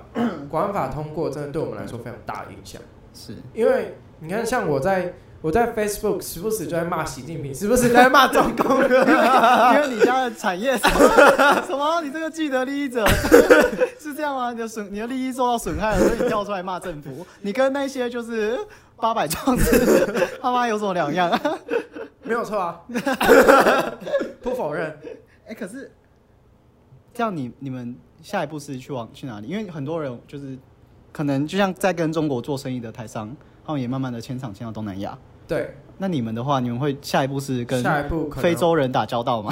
國安法通過，真的對我們來說非常大的影響。是因為你看，像我在我在 Facebook 時不時就在罵習近平是，時不時就在罵中共， (laughs) 因為你家的產業什麼？ (laughs) 什麼、啊？你這個既得利益者 (laughs) 是這樣嗎、啊？你的損，你的利益受到損害了，所以你跳出來罵政府。 (laughs) 你跟那些就是八百壯士他媽有什麼兩樣、啊？沒有錯啊， (laughs) 不否認。哎，可是這樣你，你你們下一步是去往去哪裡？因為很多人就是可能就像在跟中國做生意的台商，他們也慢慢的遷廠遷到東南亞。對，那你們的話，你們會下一步是跟非洲人打交道嗎？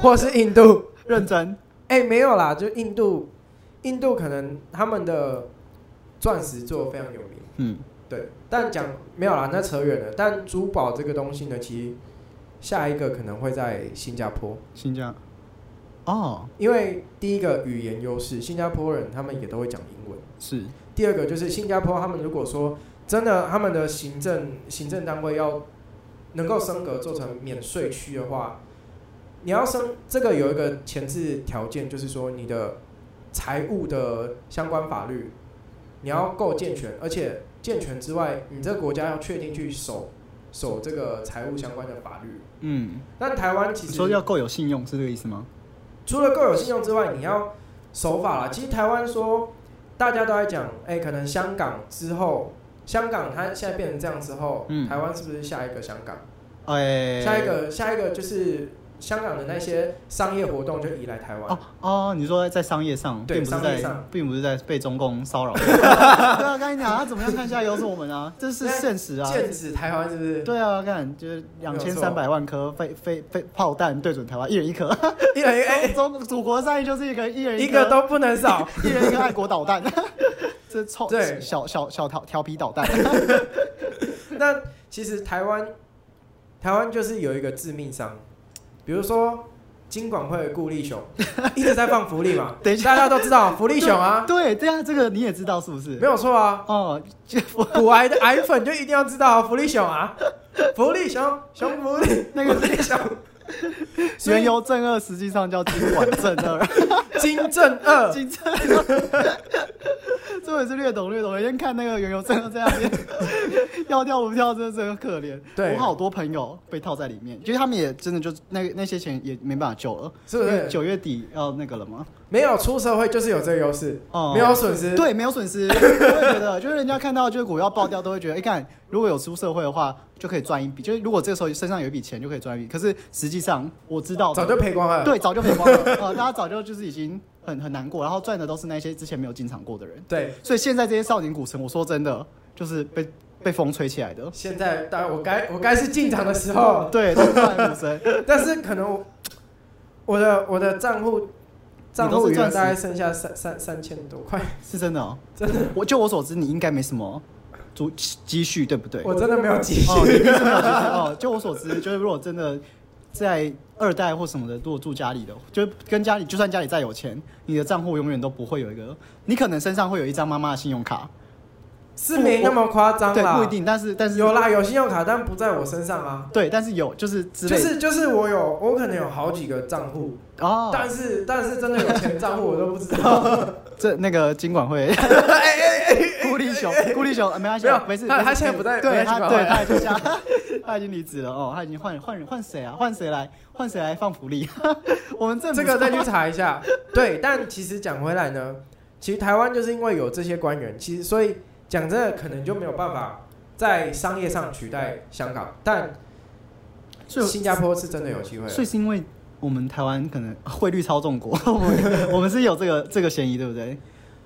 或是印度？ (laughs) 認真？哎，沒有啦，就印度，印度可能他們的鑽石做得非常有名。嗯，對。但講沒有啦，那扯遠了。但珠寶這個東西呢，其實。下一個可能會在新加坡。新加，哦，因為第一個語言優勢，新加坡人他們也都會講英文。是。第二個就是新加坡，他們如果說真的，他們的行政行政單位要能夠升格做成免稅區的話，你要升這個有一個前置條件，就是說你的財務的相關法律你要夠健全，而且健全之外，你這個國家要確定去守守這個財務相關的法律。嗯，但台灣其實說要夠有信用是這個意思嗎？除了夠有信用之外，你要守法啦。其實台灣說，大家都在講，哎，欸，可能香港之後，香港它現在變成這樣之後，嗯，台灣是不是下一個香港？欸，下一個，下一個就是。香港的那些商業活動就移來台灣哦哦，你說在商業上，對並不是在上，並不是在被中共騷擾、 (laughs) 哦。對啊，跟你講，他、啊、怎麼樣看？現在又是我們啊，這是現實啊！現實台灣，是不是？對啊，看，就是兩千三百萬顆飛飛飛炮彈對準台灣，一人一顆，一人一中,中祖國上就是一個一人一,顆一個都不能少， (laughs) 一人一個愛國導彈， (laughs) 這臭對小小小淘調皮導彈。那 (laughs) (laughs) 其實台灣台灣就是有一個致命傷。比如說，金管會、顧立雄一直在放福利嘛， (laughs) 等一下大家都知道福利熊啊，對對啊，這個你也知道是不是？沒有錯啊，哦，就古愛的癌粉就一定要知道、啊、福利熊啊，福利熊福利熊,熊福利那個是福利熊。福利熊 (laughs) 原油正二實際上叫金管正二， (laughs) 金正二， (laughs) 金正二。這也是略懂略懂。我先看那個原油正二這樣子，要跳不跳，真的很可憐。我好多朋友被套在裡面，其實他們也真的就那那些錢也沒辦法救了。是不是九月底要那個了嗎？ (laughs) 沒有出社會就是有這個優勢，嗯、沒有損失。對，沒有損失， (laughs) 我會覺得就是人家看到就是股要爆掉，都會覺得，哎看，如果有出社會的話，就可以賺一筆。就是如果這個時候身上有一筆錢，就可以賺一筆。可是實際上我知道早就賠光了，對，早就賠光了。 (laughs) 呃，大家早就就是已經很很難過，然後賺的都是那些之前沒有進場過的人。對，所以現在這些少年股神，我說真的就是被被風吹起來的。現在當然我該我該是進場的時候， (laughs) 對股神。就是、 (laughs) 但是可能我的我的賬戶。 (laughs) 賬戶餘額大概剩下三三三千多塊，是真的哦、喔，真的。我就我所知，你應該沒什麼，足積蓄對不對？我真的沒有積蓄，哦、沒有積蓄 (laughs) 哦。就我所知，就是如果真的在二代或什麼的，如果住家裡的，就跟家裡，就算家裡再有錢，你的賬戶永遠都不會有一個，你可能身上會有一張媽媽的信用卡。是沒那麼誇張啦，不對，不一定，但是但是有啦，有信用卡、嗯，但不在我身上啊。對，但是有，就是之類就是就是我有，我可能有好幾個賬戶哦，但是但是真的有錢賬戶我都不知道。哦、 (laughs) 這那個金管會， (laughs) 欸欸欸顧立雄，欸欸欸顧立雄，欸欸立雄啊、沒關係，沒有沒事。他事他現在不在，對，對，啊、他對家，他， (laughs) 他已經離職了哦，他已經換換換誰啊？換誰來換誰來，來放福利？ (laughs) 我們這這個再去查一下。 (laughs) 對，但其實講回來呢，其實台灣就是因為有這些官員，其實所以。講這可能就沒有辦法在商業上取代香港，但新加坡是真的有機會所。所以是因為我們台灣可能匯率操縱國，我們, (laughs) 我們是有這個這個嫌疑，對不對？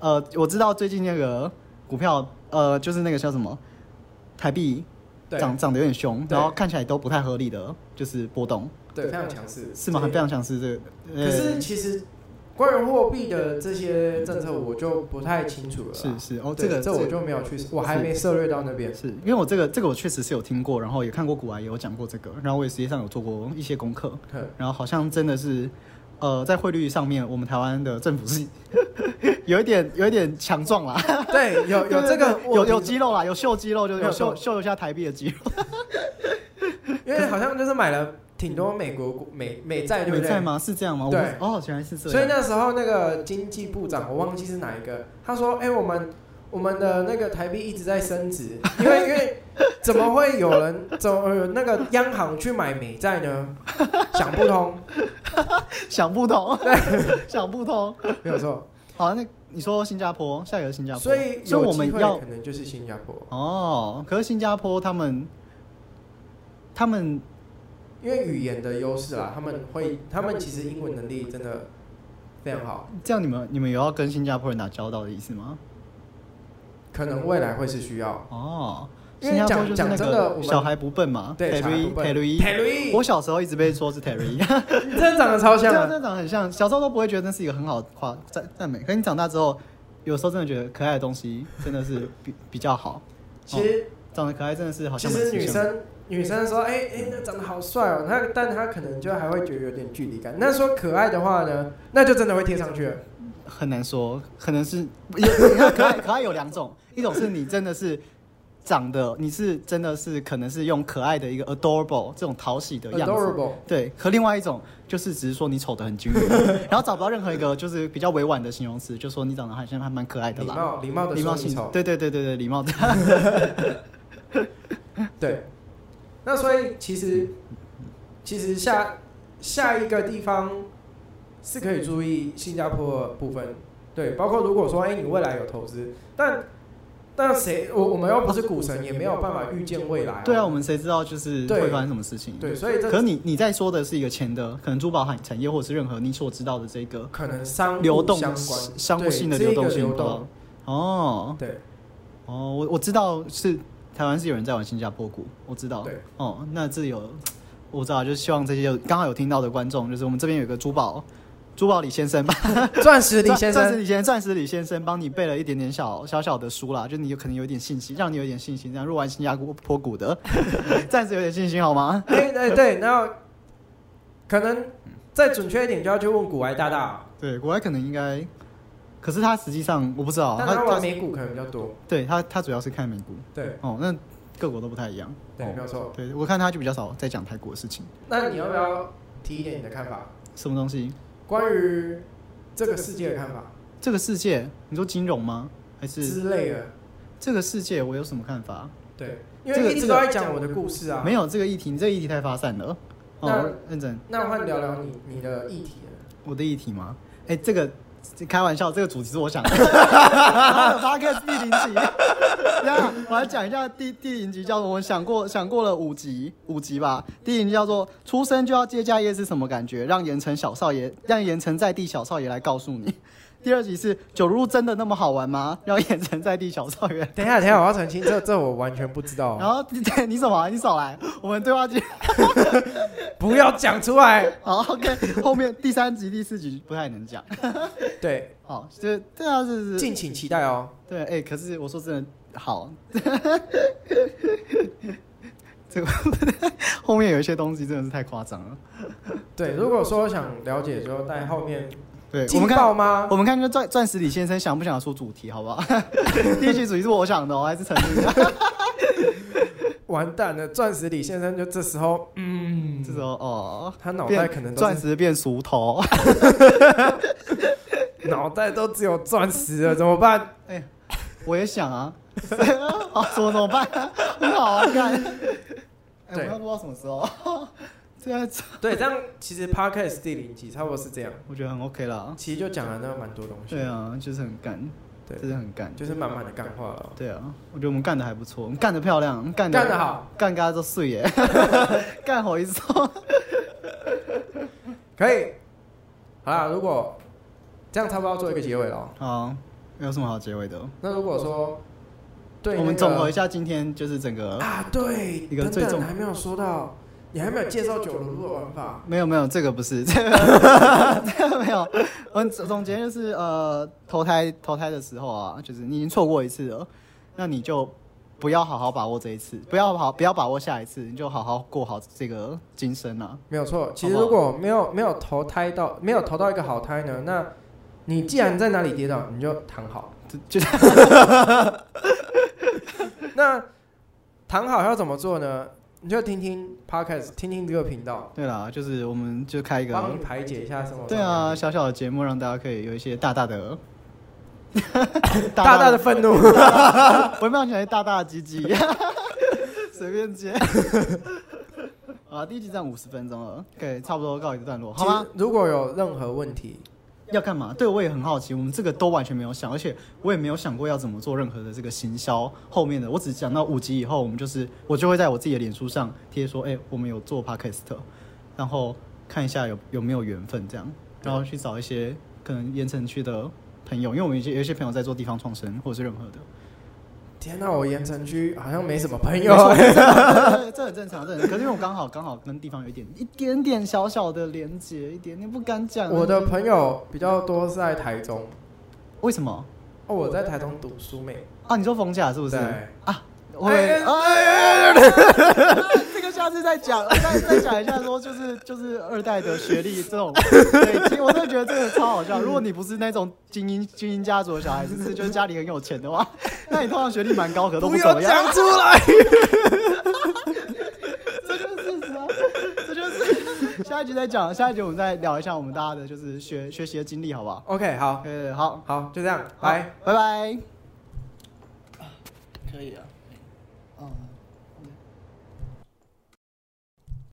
呃，我知道最近那個股票，呃，就是那個叫什麼台幣，對，漲漲得有點兇，然後看起來都不太合理的，就是波動，對，對非常強勢，是嗎？非常強勢，這個可是其實。關於貨幣的這些政策，我就不太清楚了。是是哦，這個這我就沒有去，我還沒涉略到那邊。是因為我這個這個我確實是有聽過，然後也看過古玩，也有講過這個，然後我也實際上有做過一些功課。然後好像真的是，呃，在匯率上面，我們台灣的政府是有一點有一點強壯啦。對，有有這個，對對對，有有肌肉啦，有秀肌肉，就有秀有秀一下台幣的肌肉。因為好像就是買了。挺多美國美美債對不對？美債嗎？是這樣嗎？對，哦，原來是這樣。所以那時候那個經濟部長，我忘記是哪一個，他說：“哎、欸，我們我們的那個台幣一直在升值， (laughs) 因為因為怎麼會有人走那個央行去買美債呢？ (laughs) 想不通，想不通，對 (laughs) 想不通，沒有錯。好，那你說新加坡，下一個是新加坡，所以所以我們要可能就是新加坡哦。可是新加坡他們他們。”因為語言的優勢啦，他們會，他們其實英文能力真的非常好。這樣，你們你們有要跟新加坡人打交道的意思嗎？可能未來會是需要。哦，新加坡就是講真的，小孩不笨嘛。對，泰瑞，泰瑞，我小時候一直被說是泰瑞， (laughs) 真的長得超像，啊真，真的長得很像。小時候都不會覺得那是一個很好誇讚讚美，可是你長大之後，有時候真的覺得可愛的東西真的是比 (laughs) 比較好。哦，其實長得可愛真的是好像，是像。其實女生。女生說：“哎、欸、哎、欸，那長得好帥哦。”但她可能就還會覺得有點距離感。那說可愛的話呢，那就真的會貼上去了。很難說，可能是 (laughs) 可愛可愛有兩種，一種是你真的是長得，你是真的是可能是用可愛的一個 adorable 這種討喜的樣子，adorable. 對。和另外一種就是只是說你醜的很均勻， (laughs) 然後找不到任何一個就是比較委婉的形容詞，就說你長得好像還蠻可愛的啦。禮貌禮貌的禮貌性，對對對對對，禮貌的。 (laughs) 對。對那所以其實，其實下下一個地方是可以注意新加坡的部分，對，包括如果說哎，你未來有投資，但但誰我我們又不是股神，啊、也沒有辦法預見，見未來。對啊，我們誰知道就是會發生什麼事情？對，對所以這可你你在說的是一個錢的，可能珠寶產產業或是任何你所知道的這個可能商，流動，相關，商務性的流動性哦，對，哦，我我知道是。台灣是有人在玩新加坡股，我知道。哦、嗯，那這裡有我知道，就是希望這些有剛好有聽到的觀眾，就是我們這邊有一個珠寶珠寶李先生吧，鑽石李先生，鑽石李先，鑽石李先生幫 (laughs) 你背了一點點小小小的書啦，就你有可能有點信心，讓你有點信心，這樣入玩新加坡股的，暫 (laughs) 時有點信心好嗎？哎、欸、哎、欸、對，然後可能、嗯、再準確一點就要去問股癌大大、啊，對，股癌可能應該。可是他實際上我不知道，他他美股可能比較多。對他，他主要是看美股。對哦，那各國都不太一樣。對，沒有錯。對我看他就比較少在講泰國的事情。那你要不要提一點你的看法？什麼東西？關於這個世界的看法？這個世界，你說金融嗎？還是之類的？這個世界，我有什麼看法？對，因為一直都在講我的故事啊。沒有這個議題，你這個議題太發散了。哦，認真。那我、嗯、們聊聊你你的議題。我的議題嗎？哎、欸，這個。這開玩笑，這個主題是我想的。哈哈可以第零集，等一下我來講一下第第零集叫做“我想過想過了五集五集吧”。第零集叫做“出生就要接家業”是什麼感覺？讓鹽城小少爺，讓鹽城在地小少爺來告訴你。第二集是酒如真的那麼好玩嗎？要演成在地小少爺。等一下，等一下，我要澄清這，這 (laughs) 這我完全不知道。然後你等你什麼、啊？你少來，我們對話機 (laughs) (laughs) 不要講出來。好，OK。後面第三集、第四集不太能講。 (laughs) 對，好，這對啊，是，是敬請期待哦。對，哎、欸，可是我說真的，好，這 (laughs) 個 (laughs) (laughs) 後面有一些東西真的是太誇張了。對，如果說我想了解，的時候但後面。對嗎，我們看，我們看就鑽，這鑽鑽石李先生想不想出主題，好不好？第一期主題是我想的，我還是承的？完蛋了，鑽石李先生就這時候，嗯，這時候哦，他腦袋可能鑽石變熟頭，腦 (laughs) (laughs) 袋都只有鑽石了，怎麼辦？哎、欸，我也想啊， (laughs) 什麼啊好說怎麼辦？很好啊，好好看，哎、欸，我們要錄到什麼時候？對啊，對，這樣其實 podcast 第零集差不多是這樣，我覺得很 OK 了。其實就講了那蠻多東西。對啊，就是很幹，對，就是很幹，就是滿滿的幹話了。對啊，我覺得我們幹得還不錯，我們幹得漂亮，幹得好，干嘎都碎耶，幹活一撮，可以。好啦，如果這樣差不多要做一個結尾了。好，沒有什麼好結尾的。那如果說，對、那個，我們綜合一下今天就是整個啊，對，一個最重等等還沒有說到。你還沒有介紹九龍的玩法？有沒有沒有，這個不是這個，這 (laughs) 個 (laughs) 沒有。我總結就是，呃，投胎投胎的時候啊，就是你已經錯過一次了，那你就不要好好把握這一次，不要好不要把握下一次，你就好好過好這個今生了。沒有錯，其實如果沒有沒有投胎到沒有投到一個好胎呢，那你既然在哪裡跌倒，你就躺好。就，就 (laughs) (laughs) 那躺好要怎麼做呢？你就聽聽 Podcast，聽聽這個頻道。對啦，就是我們就開一個排解一下什麼。對啊，小小的節目讓大家可以有一些大大的， (laughs) 大大的憤怒。我印象喜歡大大的雞雞。隨便接。啊， (laughs) 第一集站五十分鐘了可以， (laughs) OK, 差不多告一個段落，好嗎？如果有任何問題。要幹嘛？對我也很好奇。我們這個都完全沒有想，而且我也沒有想過要怎麼做任何的這個行銷。後面的我只講到五集以後，我們就是我就會在我自己的臉書上貼說，哎、欸，我們有做 Podcast，然後看一下有有沒有緣分這樣，然後去找一些可能鹽埕區的朋友，因為我們有些有些朋友在做地方創生或者是任何的。天哪，我鹽城區好像沒什麼朋友，這很正常，這很 (laughs) 可是因為我剛好剛好跟地方有一點一點點小小的連接，一點點不敢講。我的朋友比較多是在台中，為什麼？哦，我在台中讀書沒啊？你說逢甲是不是？啊，我 (laughs) 下次再講，再再講一下，說就是就是二代的學歷這種，對，其實我真的覺得這個超好笑。如果你不是那種精英精英家族的小孩子，是就是家裡很有錢的話，那你通常學歷蠻高，可都不怎麼樣。講出來， (laughs) 這就是事實，這就是。下一集再講，下一集我們再聊一下我們大家的就是學學習的經歷，好不好？OK，好，呃，好，好，就這樣，拜拜拜，可以啊。